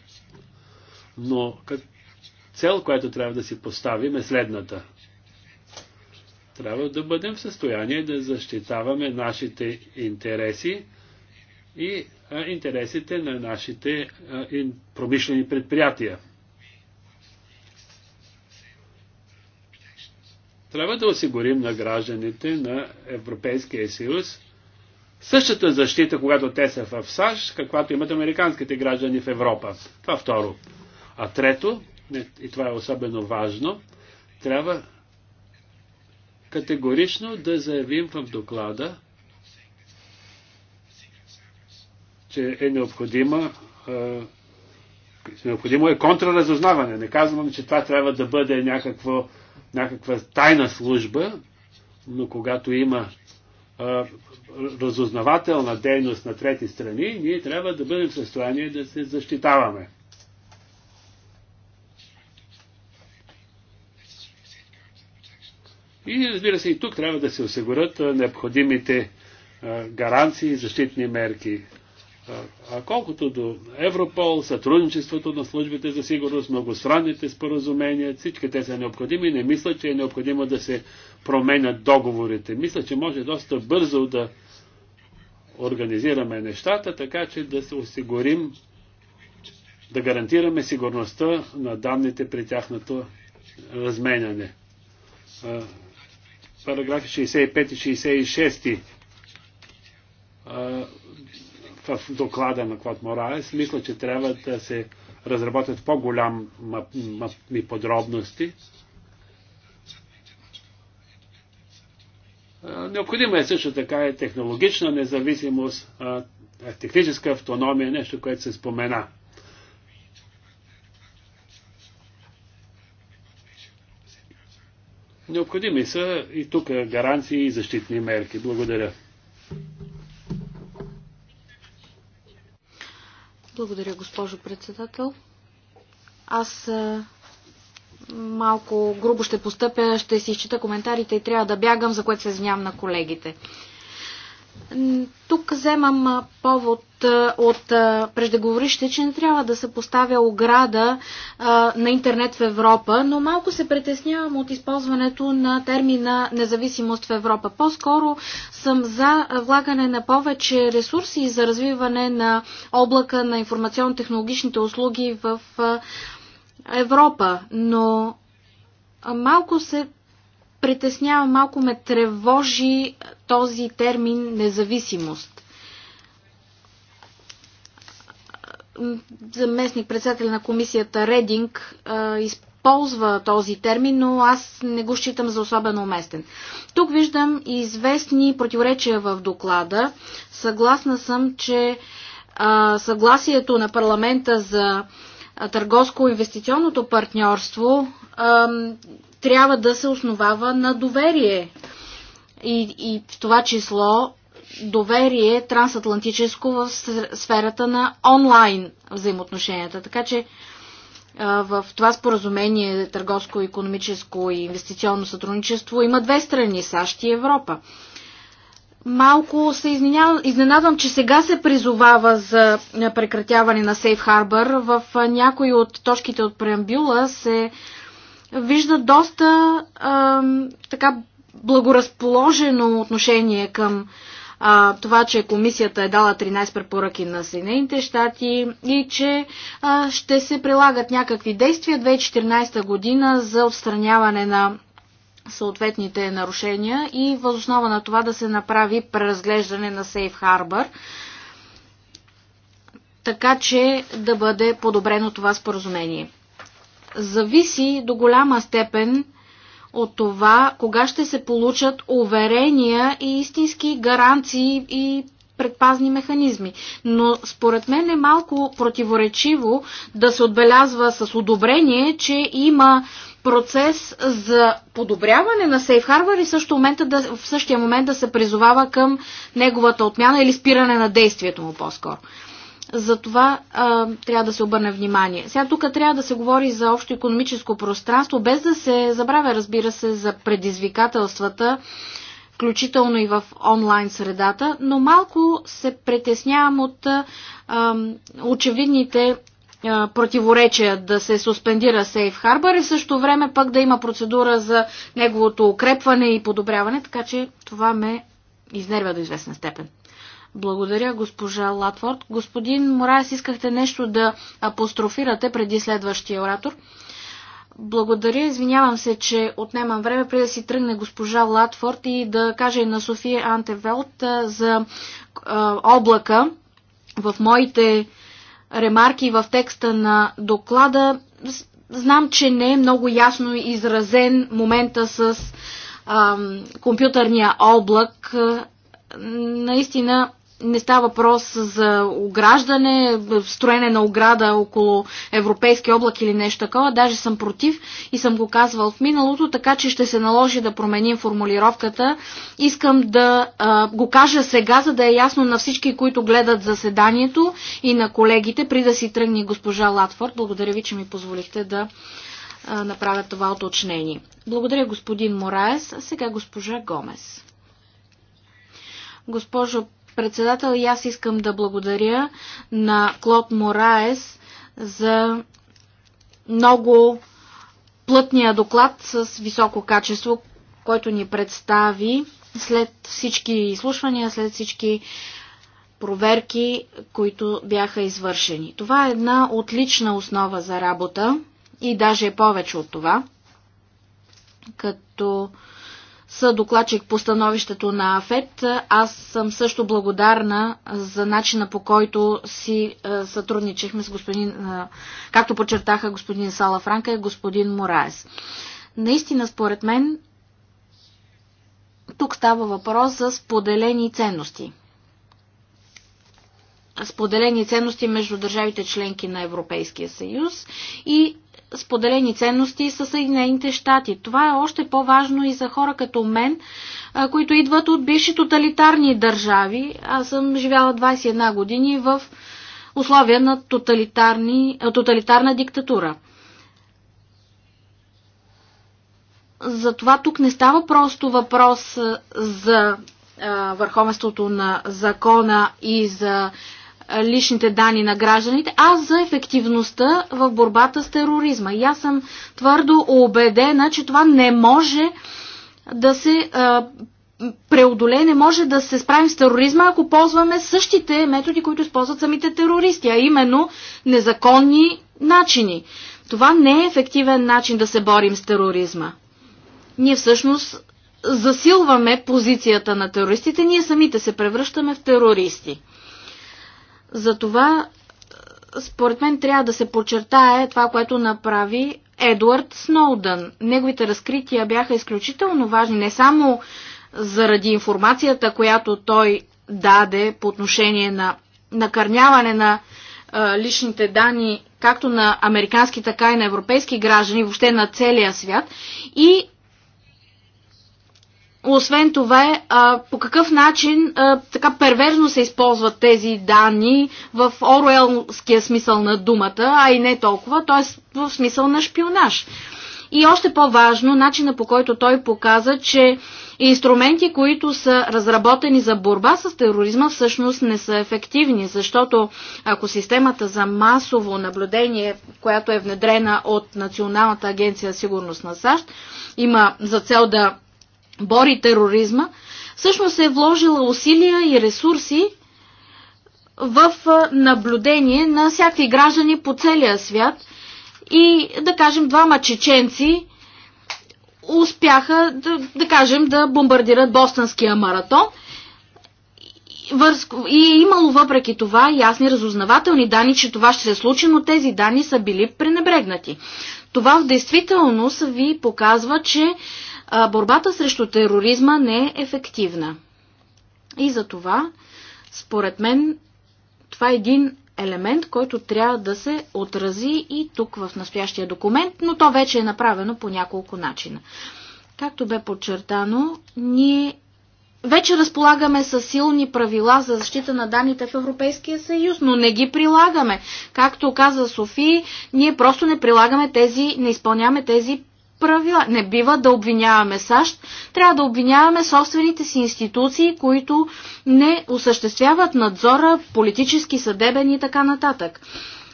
Но цел, която трябва да си поставим е следната. Трябва да бъдем в състояние да защитаваме нашите интереси и интересите на нашите промишлени предприятия. Трябва да осигурим на гражданите на Европейския съюз същата защита, когато те са в САЩ, каквато имат американските граждани в Европа. Това второ. А трето, и това е особено важно, трябва категорично да заявим в доклада, че е необходима необходимо е контраразузнаване. Не казвам, че това трябва да бъде някакво някаква тайна служба, но когато има разузнавателна дейност на трети страни, ние трябва да бъдем в състояние да се защитаваме. И разбира се, и тук трябва да се осигурят необходимите гаранции и защитни мерки. А колкото до Европол, сътрудничеството на службите за сигурност, многостранните споразумения, всички те са необходими. Не мисля, че е необходимо да се променят договорите. Мисля, че може доста бързо да организираме нещата, така че да се осигурим, да гарантираме сигурността на данните при тяхното разменяне. Параграфи 65 и 66 в доклада на Клод Моралес, мисля, че трябва да се разработят по-голями подробности. Необходима е също така и технологична независимост, техническа автономия, нещо, което се спомена. Необходими са и тук гаранции и защитни мерки. Благодаря. Благодаря, госпожо председател. Аз малко грубо ще постъпя, ще си изчита коментарите и трябва да бягам, за което се зням на колегите. Тук вземам повод от преждеговорище, че не трябва да се поставя ограда на интернет в Европа, но малко се притеснявам от използването на термина независимост в Европа. По-скоро съм за влагане на повече ресурси за развиване на облака на информационно-технологичните услуги в Европа, но малко се притеснява, малко ме тревожи този термин независимост. Заместник председател на комисията Рединг използва този термин, но аз не го считам за особено уместен. Тук виждам известни противоречия в доклада. Съгласна съм, че съгласието на парламента за търговско-инвестиционното партньорство трябва да се основава на доверие. И, и в това число доверие трансатлантическо в сферата на онлайн взаимоотношенията. Така че в това споразумение търговско, економическо и инвестиционно сътрудничество има две страни САЩ и Европа. Малко се изненадвам, че сега се призовава за прекратяване на Сейф Харбър. В някои от точките от преамбюла се вижда доста а, така благоразположено отношение към а, това, че комисията е дала 13 препоръки на Съединените щати и че а, ще се прилагат някакви действия 2014 година за отстраняване на съответните нарушения и възоснова на това да се направи преразглеждане на Сейф Harbor, така че да бъде подобрено това споразумение зависи до голяма степен от това, кога ще се получат уверения и истински гаранции и предпазни механизми. Но според мен е малко противоречиво да се отбелязва с одобрение, че има процес за подобряване на Сейф Харвар и също момента да, в същия момент да се призовава към неговата отмяна или спиране на действието му по-скоро това а, трябва да се обърне внимание. Сега тук трябва да се говори за общо економическо пространство, без да се забравя, разбира се, за предизвикателствата, включително и в онлайн средата, но малко се притеснявам от а, очевидните противоречия да се суспендира Сейф Harbor и в същото време пък да има процедура за неговото укрепване и подобряване, така че това ме изнервя до известна степен. Благодаря, госпожа Латворд. Господин Морайс, искахте нещо да апострофирате преди следващия оратор. Благодаря, извинявам се, че отнемам време преди да си тръгне госпожа Латфорд и да каже и на София Антевелт за облака. В моите ремарки в текста на доклада знам, че не е много ясно изразен момента с а, компютърния облак. Наистина не става въпрос за ограждане, строене на ограда около европейски облак или нещо такова. Даже съм против и съм го казвал в миналото, така че ще се наложи да променим формулировката. Искам да а, го кажа сега, за да е ясно на всички, които гледат заседанието и на колегите, при да си тръгне госпожа Латфорд. Благодаря ви, че ми позволихте да а, направя това уточнение. Благодаря господин Мораес, а сега госпожа Гомес. Госпожо председател, и аз искам да благодаря на Клод Мораес за много плътния доклад с високо качество, който ни представи след всички изслушвания, след всички проверки, които бяха извършени. Това е една отлична основа за работа и даже е повече от това, като са докладчик по становището на АФЕТ. Аз съм също благодарна за начина по който си е, сътрудничихме с господин, е, както подчертаха господин Сала Франка и господин Мораес. Наистина, според мен, тук става въпрос за споделени ценности. Споделени ценности между държавите членки на Европейския съюз и споделени ценности с Съединените щати. Това е още по-важно и за хора като мен, които идват от бивши тоталитарни държави. Аз съм живяла 21 години в условия на тоталитарна диктатура. Затова тук не става просто въпрос за върховенството на закона и за личните данни на гражданите, а за ефективността в борбата с тероризма. И аз съм твърдо убедена, че това не може да се преодолее, не може да се справим с тероризма, ако ползваме същите методи, които използват самите терористи, а именно незаконни начини. Това не е ефективен начин да се борим с тероризма. Ние всъщност засилваме позицията на терористите, ние самите се превръщаме в терористи. Затова, е, според мен, трябва да се подчертае това, което направи Едуард Сноудън. Неговите разкрития бяха изключително важни не само заради информацията, която той даде по отношение на накърняване на а, е, личните данни, както на американски, така и на европейски граждани, въобще на целия свят. И освен това, е, а, по какъв начин а, така перверзно се използват тези данни в оруелския смисъл на думата, а и не толкова, т.е. в смисъл на шпионаж. И още по-важно, начина по който той показа, че инструменти, които са разработени за борба с тероризма, всъщност не са ефективни, защото ако системата за масово наблюдение, която е внедрена от Националната агенция сигурност на САЩ, има за цел да бори тероризма, всъщност е вложила усилия и ресурси в наблюдение на всякакви граждани по целия свят и да кажем двама чеченци успяха да, да кажем да бомбардират Бостонския маратон и е имало въпреки това ясни разузнавателни данни, че това ще се случи, но тези данни са били пренебрегнати. Това в действителност ви показва, че борбата срещу тероризма не е ефективна. И за това, според мен, това е един елемент, който трябва да се отрази и тук в настоящия документ, но то вече е направено по няколко начина. Както бе подчертано, ние вече разполагаме с силни правила за защита на данните в Европейския съюз, но не ги прилагаме. Както каза Софи, ние просто не прилагаме тези, не изпълняваме тези правила. Не бива да обвиняваме САЩ, трябва да обвиняваме собствените си институции, които не осъществяват надзора, политически, съдебен и така нататък.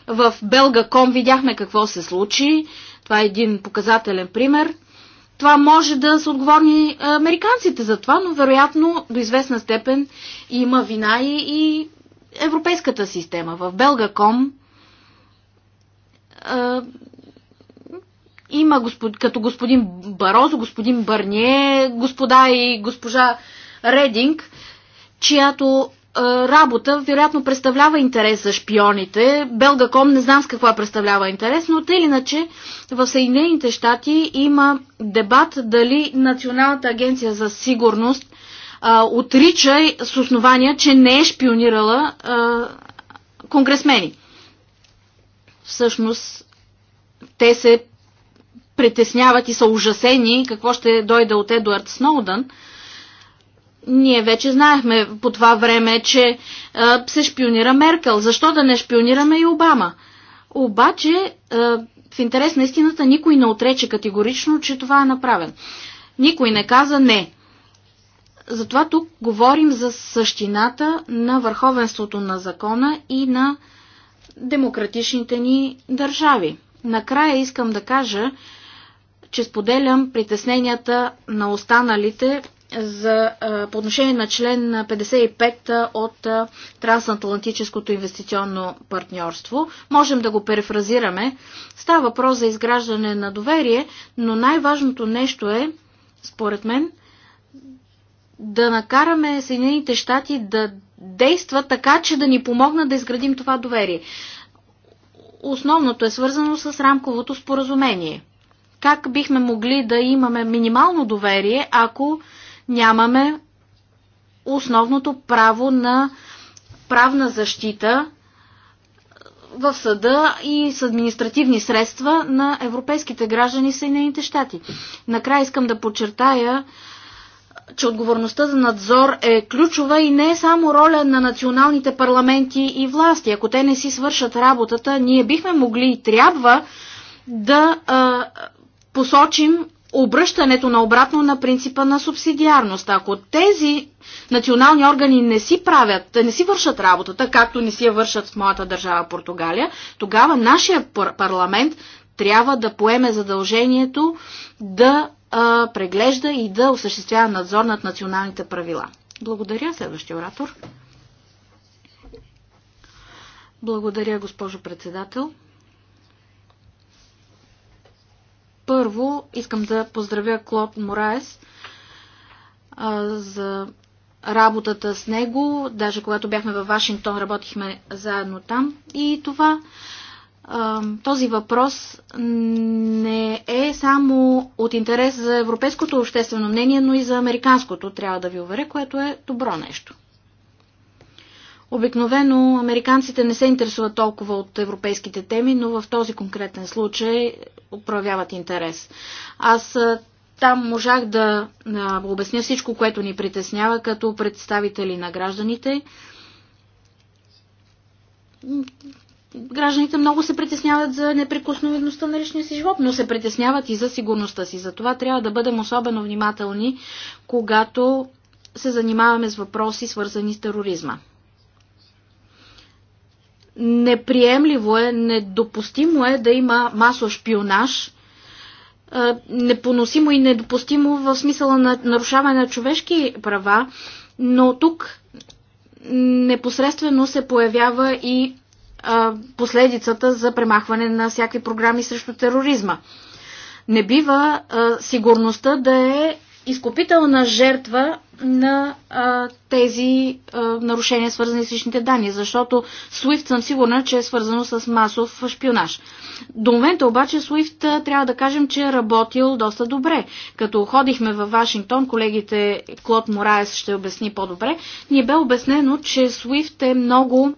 В Белгаком видяхме какво се случи. Това е един показателен пример. Това може да са отговорни е, американците за това, но вероятно до известна степен има вина и, и европейската система. В Белгаком е, има господ, като господин Барозо, господин Бърние, господа и госпожа Рединг, чиято работа вероятно представлява интерес за шпионите. Белгаком не знам с какво представлява интерес, но те или иначе в Съединените щати има дебат дали Националната агенция за сигурност е, отрича с основания, че не е шпионирала е, конгресмени. Всъщност, те се притесняват и са ужасени какво ще дойде от Едуард Сноудън, ние вече знаехме по това време, че а, е, се шпионира Меркел. Защо да не шпионираме и Обама? Обаче, а, е, в интерес на истината, никой не отрече категорично, че това е направен. Никой не каза не. Затова тук говорим за същината на върховенството на закона и на демократичните ни държави. Накрая искам да кажа, че споделям притесненията на останалите за, по отношение на член 55 от Трансатлантическото инвестиционно партньорство. Можем да го перефразираме. Става въпрос за изграждане на доверие, но най-важното нещо е, според мен, да накараме Съединените щати да действат така, че да ни помогнат да изградим това доверие. Основното е свързано с рамковото споразумение – как бихме могли да имаме минимално доверие, ако нямаме основното право на правна защита в съда и с административни средства на европейските граждани Съединените щати. Накрая искам да подчертая, че отговорността за надзор е ключова и не е само роля на националните парламенти и власти. Ако те не си свършат работата, ние бихме могли и трябва да а, посочим обръщането на обратно на принципа на субсидиарност. Ако тези национални органи не си правят, не си вършат работата, както не си я вършат в моята държава Португалия, тогава нашия парламент трябва да поеме задължението да а, преглежда и да осъществява надзор над националните правила. Благодаря, следващия оратор. Благодаря, госпожо председател. Първо, искам да поздравя Клод Мораес за работата с него. Даже когато бяхме във Вашингтон, работихме заедно там. И това, този въпрос не е само от интерес за европейското обществено мнение, но и за американското, трябва да ви уверя, което е добро нещо. Обикновено американците не се интересуват толкова от европейските теми, но в този конкретен случай проявяват интерес. Аз там можах да обясня всичко, което ни притеснява като представители на гражданите. Гражданите много се притесняват за неприкосновеността на личния си живот, но се притесняват и за сигурността си. Затова трябва да бъдем особено внимателни, когато се занимаваме с въпроси, свързани с тероризма. Неприемливо е, недопустимо е да има масов шпионаж, е, непоносимо и недопустимо в смисъла на нарушаване на човешки права, но тук непосредствено се появява и е, последицата за премахване на всякакви програми срещу тероризма. Не бива е, сигурността да е изкупителна жертва на а, тези а, нарушения, свързани с личните данни, защото SWIFT съм сигурна, че е свързано с масов шпионаж. До момента обаче SWIFT трябва да кажем, че е работил доста добре. Като ходихме във Вашингтон, колегите Клод Мораес ще обясни по-добре, ни бе обяснено, че SWIFT е много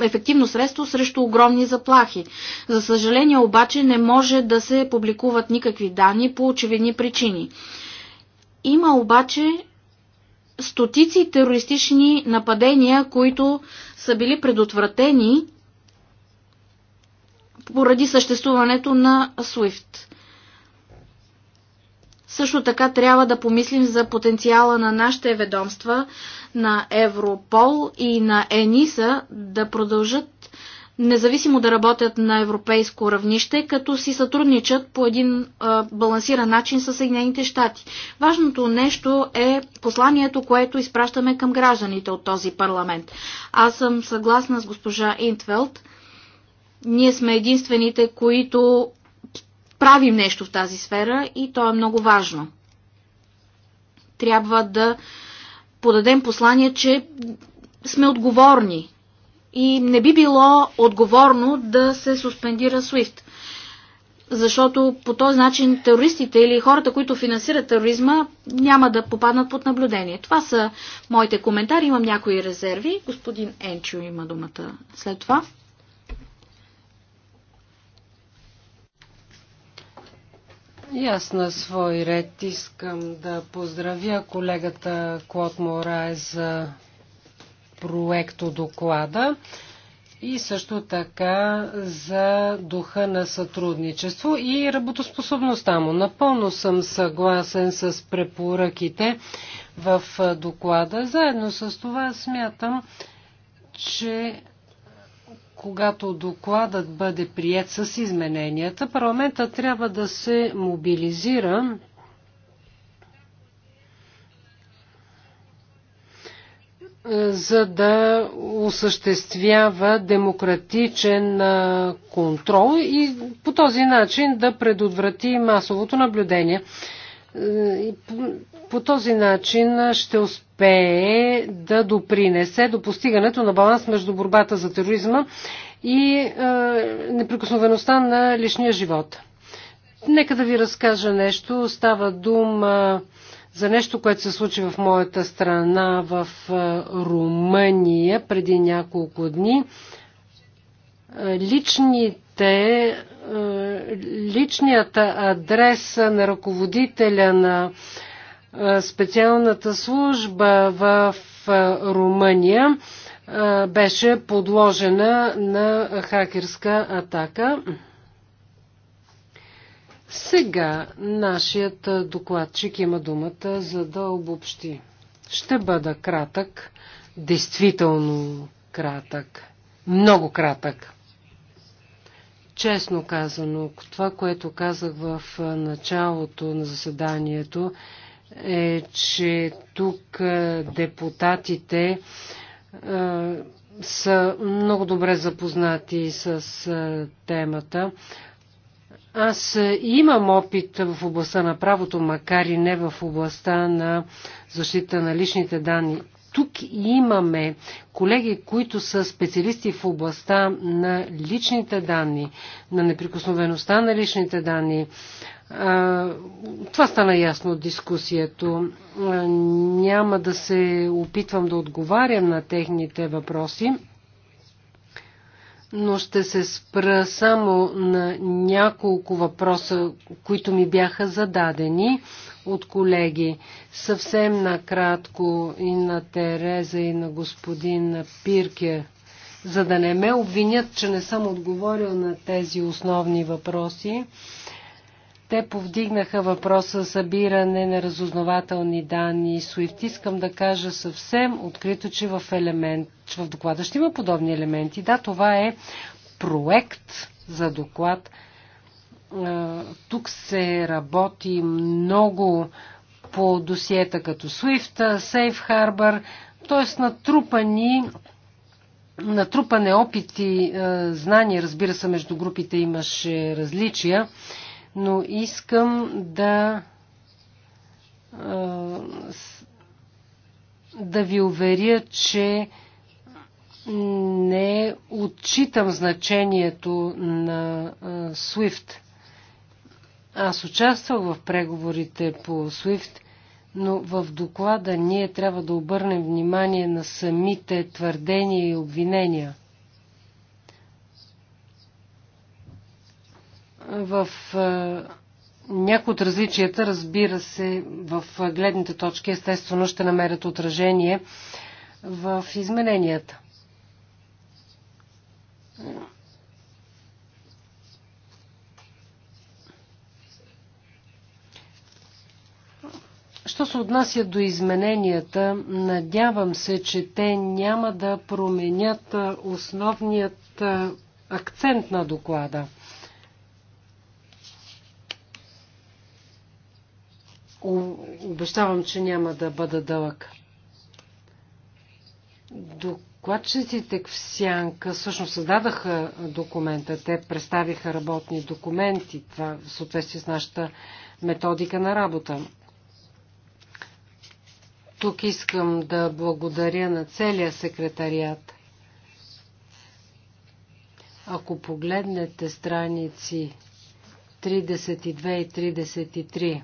ефективно средство срещу огромни заплахи. За съжаление обаче не може да се публикуват никакви данни по очевидни причини. Има обаче стотици терористични нападения, които са били предотвратени поради съществуването на SWIFT. Също така трябва да помислим за потенциала на нашите ведомства, на Европол и на ЕНИСА да продължат независимо да работят на европейско равнище, като си сътрудничат по един а, балансиран начин с Съединените щати. Важното нещо е посланието, което изпращаме към гражданите от този парламент. Аз съм съгласна с госпожа Интвелд. Ние сме единствените, които правим нещо в тази сфера и то е много важно. Трябва да подадем послание, че сме отговорни и не би било отговорно да се суспендира SWIFT. Защото по този начин терористите или хората, които финансират тероризма, няма да попаднат под наблюдение. Това са моите коментари. Имам някои резерви. Господин Енчо има думата след това. И аз на свой ред искам да поздравя колегата Клод Морае за проекто доклада и също така за духа на сътрудничество и работоспособността му. Напълно съм съгласен с препоръките в доклада. Заедно с това смятам, че когато докладът бъде прият с измененията, парламента трябва да се мобилизира за да осъществява демократичен контрол и по този начин да предотврати масовото наблюдение. Е, по този начин ще успее да допринесе до постигането на баланс между борбата за тероризма и е, неприкосновеността на личния живот. Нека да ви разкажа нещо. Става дума за нещо, което се случи в моята страна, в е, Румъния, преди няколко дни. Е, личните, е, личният адрес на ръководителя на специалната служба в Румъния беше подложена на хакерска атака. Сега нашият докладчик има думата, за да обобщи. Ще бъда кратък, действително кратък, много кратък. Честно казано, това, което казах в началото на заседанието, е, че тук е, депутатите е, са много добре запознати с е, темата. Аз е, имам опит в областта на правото, макар и не в областта на защита на личните данни. Тук имаме колеги, които са специалисти в областта на личните данни, на неприкосновеността на личните данни. Това стана ясно от дискусието. Няма да се опитвам да отговарям на техните въпроси но ще се спра само на няколко въпроса, които ми бяха зададени от колеги. Съвсем накратко и на Тереза и на господин Пирке, за да не ме обвинят, че не съм отговорил на тези основни въпроси. Те повдигнаха въпроса събиране на разузнавателни данни SWIFT. Искам да кажа съвсем открито, че в, елемент, че в доклада ще има подобни елементи. Да, това е проект за доклад. Тук се работи много по досиета като SWIFT, Safe Harbor, т.е. натрупани натрупане опити, знания, разбира се, между групите имаше различия но искам да да ви уверя, че не отчитам значението на SWIFT. Аз участвах в преговорите по SWIFT, но в доклада ние трябва да обърнем внимание на самите твърдения и обвинения. в някои от различията, разбира се, в гледните точки, естествено ще намерят отражение в измененията. Що се отнася до измененията, надявам се, че те няма да променят основният акцент на доклада – Обещавам, че няма да бъда дълъг. Докладчиците в Сянка всъщност създадаха документа. Те представиха работни документи. Това в съответствие с нашата методика на работа. Тук искам да благодаря на целия секретариат. Ако погледнете страници 32 и 33,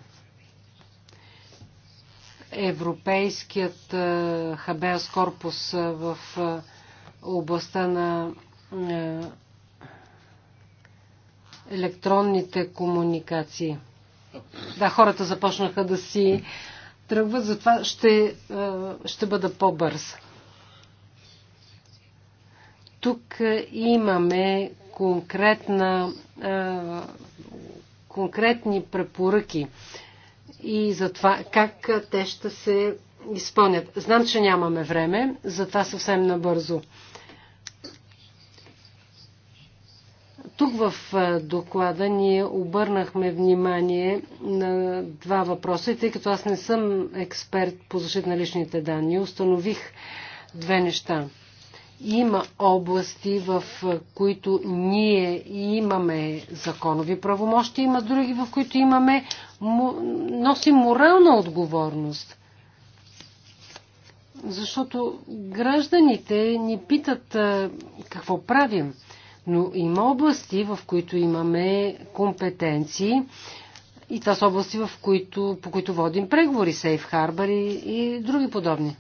Европейският хабеас корпус е, в е, областта на е, електронните комуникации. Да, хората започнаха да си тръгват, затова ще, ще бъда по-бърз. Тук имаме конкретна, конкретни препоръки и за това как те ще се изпълнят. Знам, че нямаме време, затова съвсем набързо. Тук в доклада ние обърнахме внимание на два въпроса и тъй като аз не съм експерт по защита на личните данни, установих две неща. Има области, в които ние имаме законови правомощи, има други, в които имаме, носим морална отговорност. Защото гражданите ни питат какво правим. Но има области, в които имаме компетенции и това са области, в които, по които водим преговори, Сейф Харбър и, и други подобни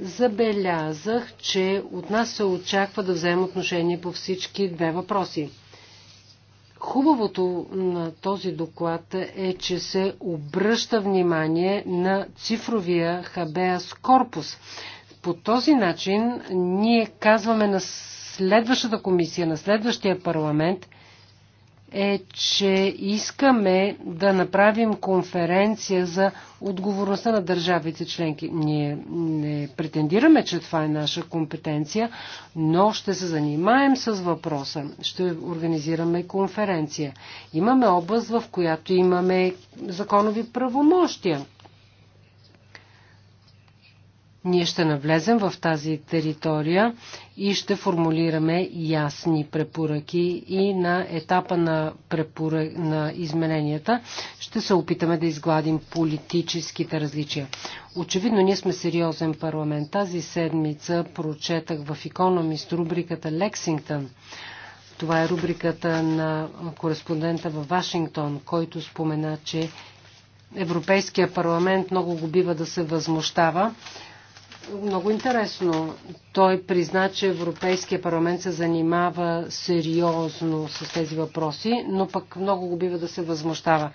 забелязах, че от нас се очаква да вземем отношение по всички две въпроси. Хубавото на този доклад е, че се обръща внимание на цифровия хабеас корпус. По този начин ние казваме на следващата комисия, на следващия парламент – е, че искаме да направим конференция за отговорността на държавите членки. Ние не претендираме, че това е наша компетенция, но ще се занимаем с въпроса. Ще организираме конференция. Имаме област, в която имаме законови правомощия. Ние ще навлезем в тази територия и ще формулираме ясни препоръки и на етапа на, препора... на измененията ще се опитаме да изгладим политическите различия. Очевидно ние сме сериозен парламент. Тази седмица прочетах в Economist рубриката Лексингтън. Това е рубриката на кореспондента във Вашингтон, който спомена, че Европейския парламент много го бива да се възмущава много интересно. Той призна, че Европейския парламент се занимава сериозно с тези въпроси, но пък много го бива да се възмущава.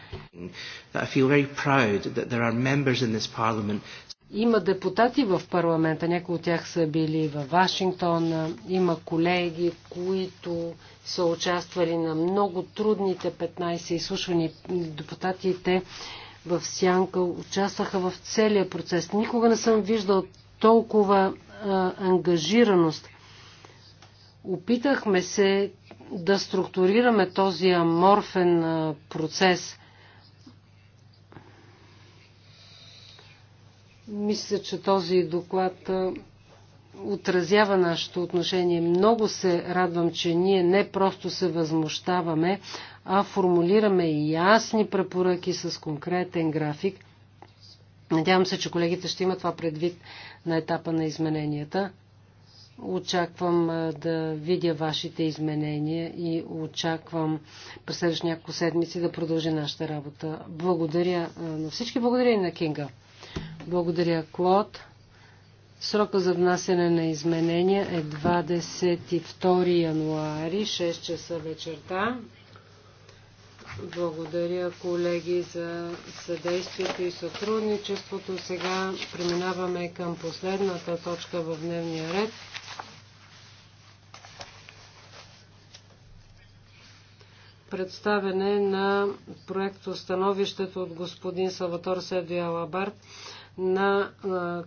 Има депутати в парламента, някои от тях са били в Вашингтон, има колеги, които са участвали на много трудните 15 изслушвани депутатите в Сянка участваха в целия процес. Никога не съм виждал толкова а, ангажираност. Опитахме се да структурираме този аморфен а, процес. Мисля, че този доклад а, отразява нашето отношение. Много се радвам, че ние не просто се възмущаваме, а формулираме ясни препоръки с конкретен график. Надявам се, че колегите ще имат това предвид на етапа на измененията. Очаквам да видя вашите изменения и очаквам през следващи няколко седмици да продължи нашата работа. Благодаря на всички, благодаря и на Кинга. Благодаря, Клод. Срока за внасяне на изменения е 22 януари, 6 часа вечерта. Благодаря, колеги, за съдействието и сътрудничеството. Сега преминаваме към последната точка в дневния ред. Представене на проекто становището от господин Салватор Седуя Алабард на,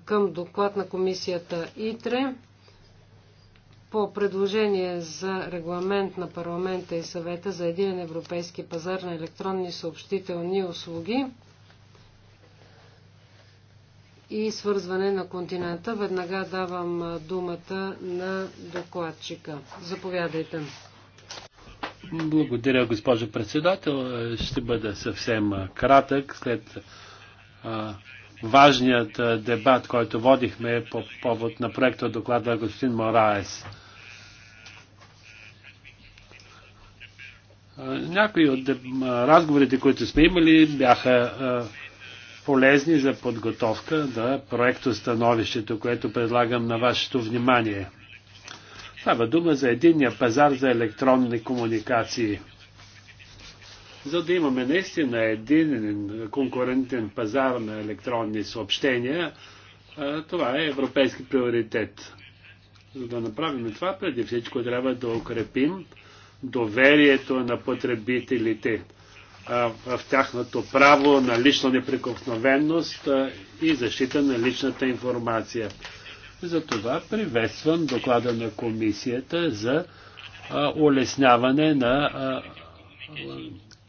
към доклад на комисията ИТРЕ по предложение за регламент на парламента и съвета за един европейски пазар на електронни съобщителни услуги и свързване на континента. Веднага давам думата на докладчика. Заповядайте. Благодаря, госпожо председател. Ще бъда съвсем кратък след а, важният е, дебат, който водихме по повод на проекта доклада господин Мораес. Е, някои от разговорите, които сме имали, бяха е, полезни за подготовка на проекто становището, което предлагам на вашето внимание. Става дума за единния пазар за електронни комуникации – за да имаме наистина един конкурентен пазар на електронни съобщения, това е европейски приоритет. За да направим това, преди всичко трябва да укрепим доверието на потребителите в тяхното право на лична неприкосновенност и защита на личната информация. Затова приветствам доклада на комисията за улесняване на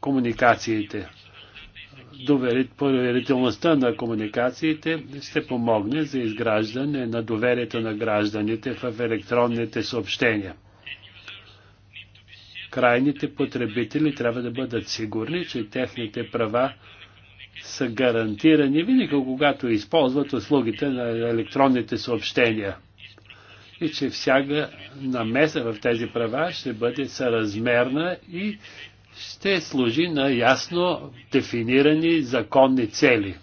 комуникациите. Поверителността на комуникациите ще помогне за изграждане на доверието на гражданите в електронните съобщения. Крайните потребители трябва да бъдат сигурни, че техните права са гарантирани винаги, когато използват услугите на електронните съобщения и че всяка намеса в тези права ще бъде съразмерна и ще служи на ясно дефинирани законни цели.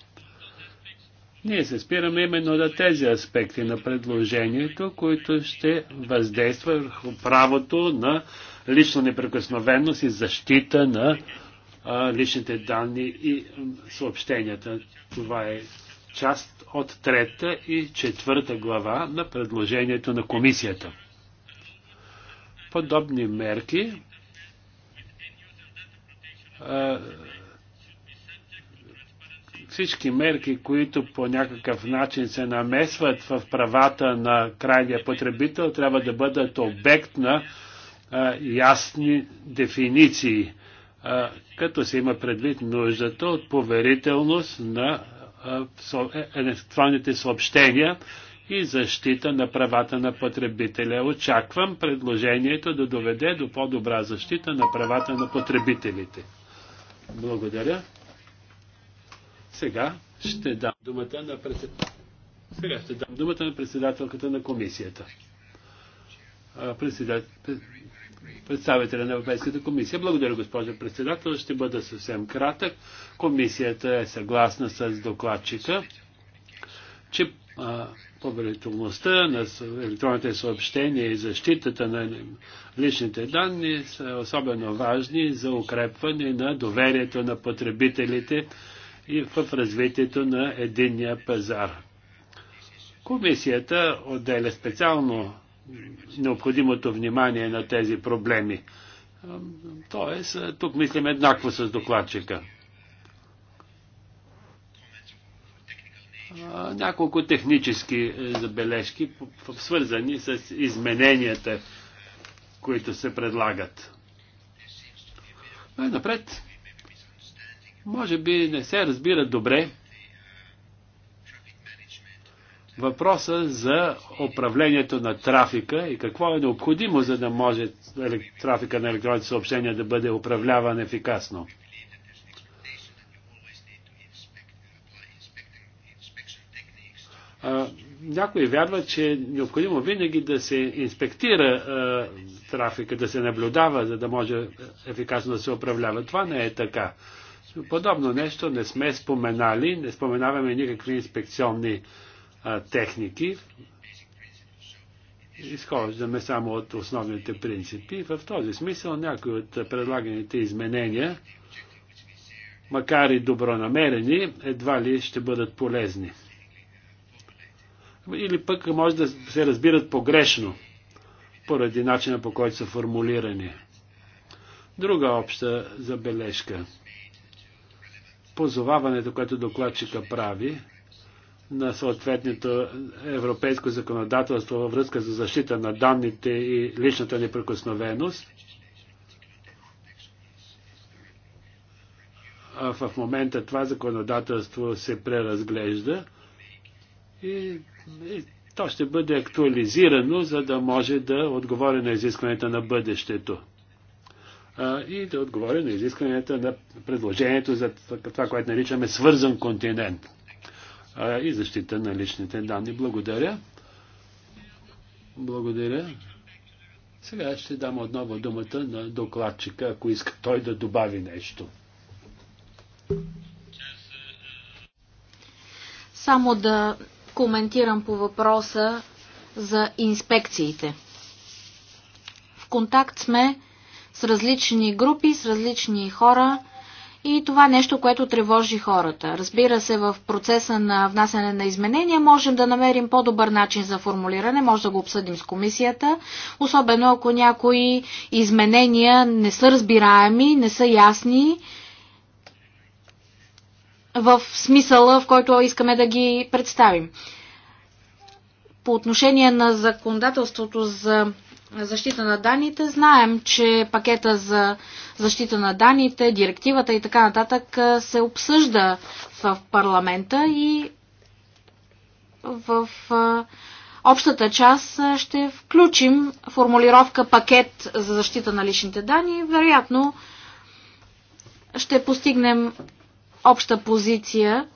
Ние се спираме именно на тези аспекти на предложението, които ще въздейства върху правото на лична неприкосновеност и защита на а, личните данни и съобщенията. Това е част от трета и четвърта глава на предложението на комисията. Подобни мерки всички мерки, които по някакъв начин се намесват в правата на крайния потребител, трябва да бъдат обект на а, ясни дефиниции, а, като се има предвид нуждата от поверителност на е, електронните съобщения и защита на правата на потребителя. Очаквам предложението да доведе до по-добра защита на правата на потребителите. Благодаря. Сега ще дам думата на председателката. Сега ще дам думата на председателката на комисията. Председател... Представителя на Европейската комисия. Благодаря, госпожа председател. Ще бъда съвсем кратък. Комисията е съгласна с докладчика, че Поверителността на електронните съобщения и защитата на личните данни са особено важни за укрепване на доверието на потребителите и в развитието на единния пазар. Комисията отделя специално необходимото внимание на тези проблеми. Тоест, тук мислим еднакво с докладчика. няколко технически е, забележки, свързани с измененията, които се предлагат. Най-напред, може би не се разбира добре въпроса за управлението на трафика и какво е необходимо, за да може трафика на електронните съобщения да бъде управляван ефикасно. някои вярват, че е необходимо винаги да се инспектира е, трафика, да се наблюдава, за да може е, ефикасно да се управлява. Това не е така. Подобно нещо не сме споменали, не споменаваме никакви инспекционни е, техники. Изхождаме само от основните принципи. В този смисъл някои от предлаганите изменения, макар и добронамерени, едва ли ще бъдат полезни или пък може да се разбират погрешно поради начина по който са формулирани. Друга обща забележка. Позоваването, което докладчика прави на съответното европейско законодателство във връзка за защита на данните и личната неприкосновеност, в момента това законодателство се преразглежда и, и то ще бъде актуализирано, за да може да отговори на изискването на бъдещето. А, и да отговори на изискването на предложението за това, което наричаме свързан континент а, и защита на личните данни. Благодаря. Благодаря. Сега ще дам отново думата на докладчика, ако иска той да добави нещо. Само да коментирам по въпроса за инспекциите. В контакт сме с различни групи, с различни хора и това е нещо, което тревожи хората. Разбира се, в процеса на внасяне на изменения можем да намерим по-добър начин за формулиране, може да го обсъдим с комисията, особено ако някои изменения не са разбираеми, не са ясни, в смисъла, в който искаме да ги представим. По отношение на законодателството за защита на данните, знаем, че пакета за защита на данните, директивата и така нататък се обсъжда в парламента и в общата част ще включим формулировка пакет за защита на личните данни. Вероятно ще постигнем обща позиция.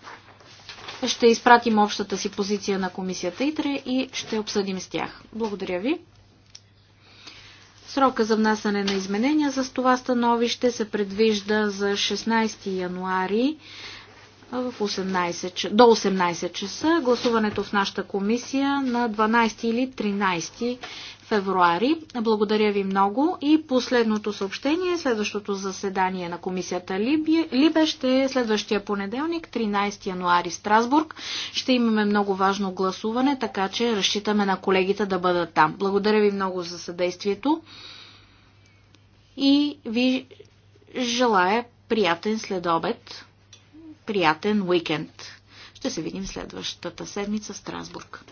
Ще изпратим общата си позиция на комисията ИТРЕ и ще обсъдим с тях. Благодаря ви. Срока за внасяне на изменения за това становище се предвижда за 16 януари в 18, до 18 часа. Гласуването в нашата комисия на 12 или 13 февруари. Благодаря ви много и последното съобщение, следващото заседание на комисията Либе, ще е следващия понеделник, 13 януари Страсбург. Ще имаме много важно гласуване, така че разчитаме на колегите да бъдат там. Благодаря ви много за съдействието и ви желая приятен следобед, приятен уикенд. Ще се видим следващата седмица в Страсбург.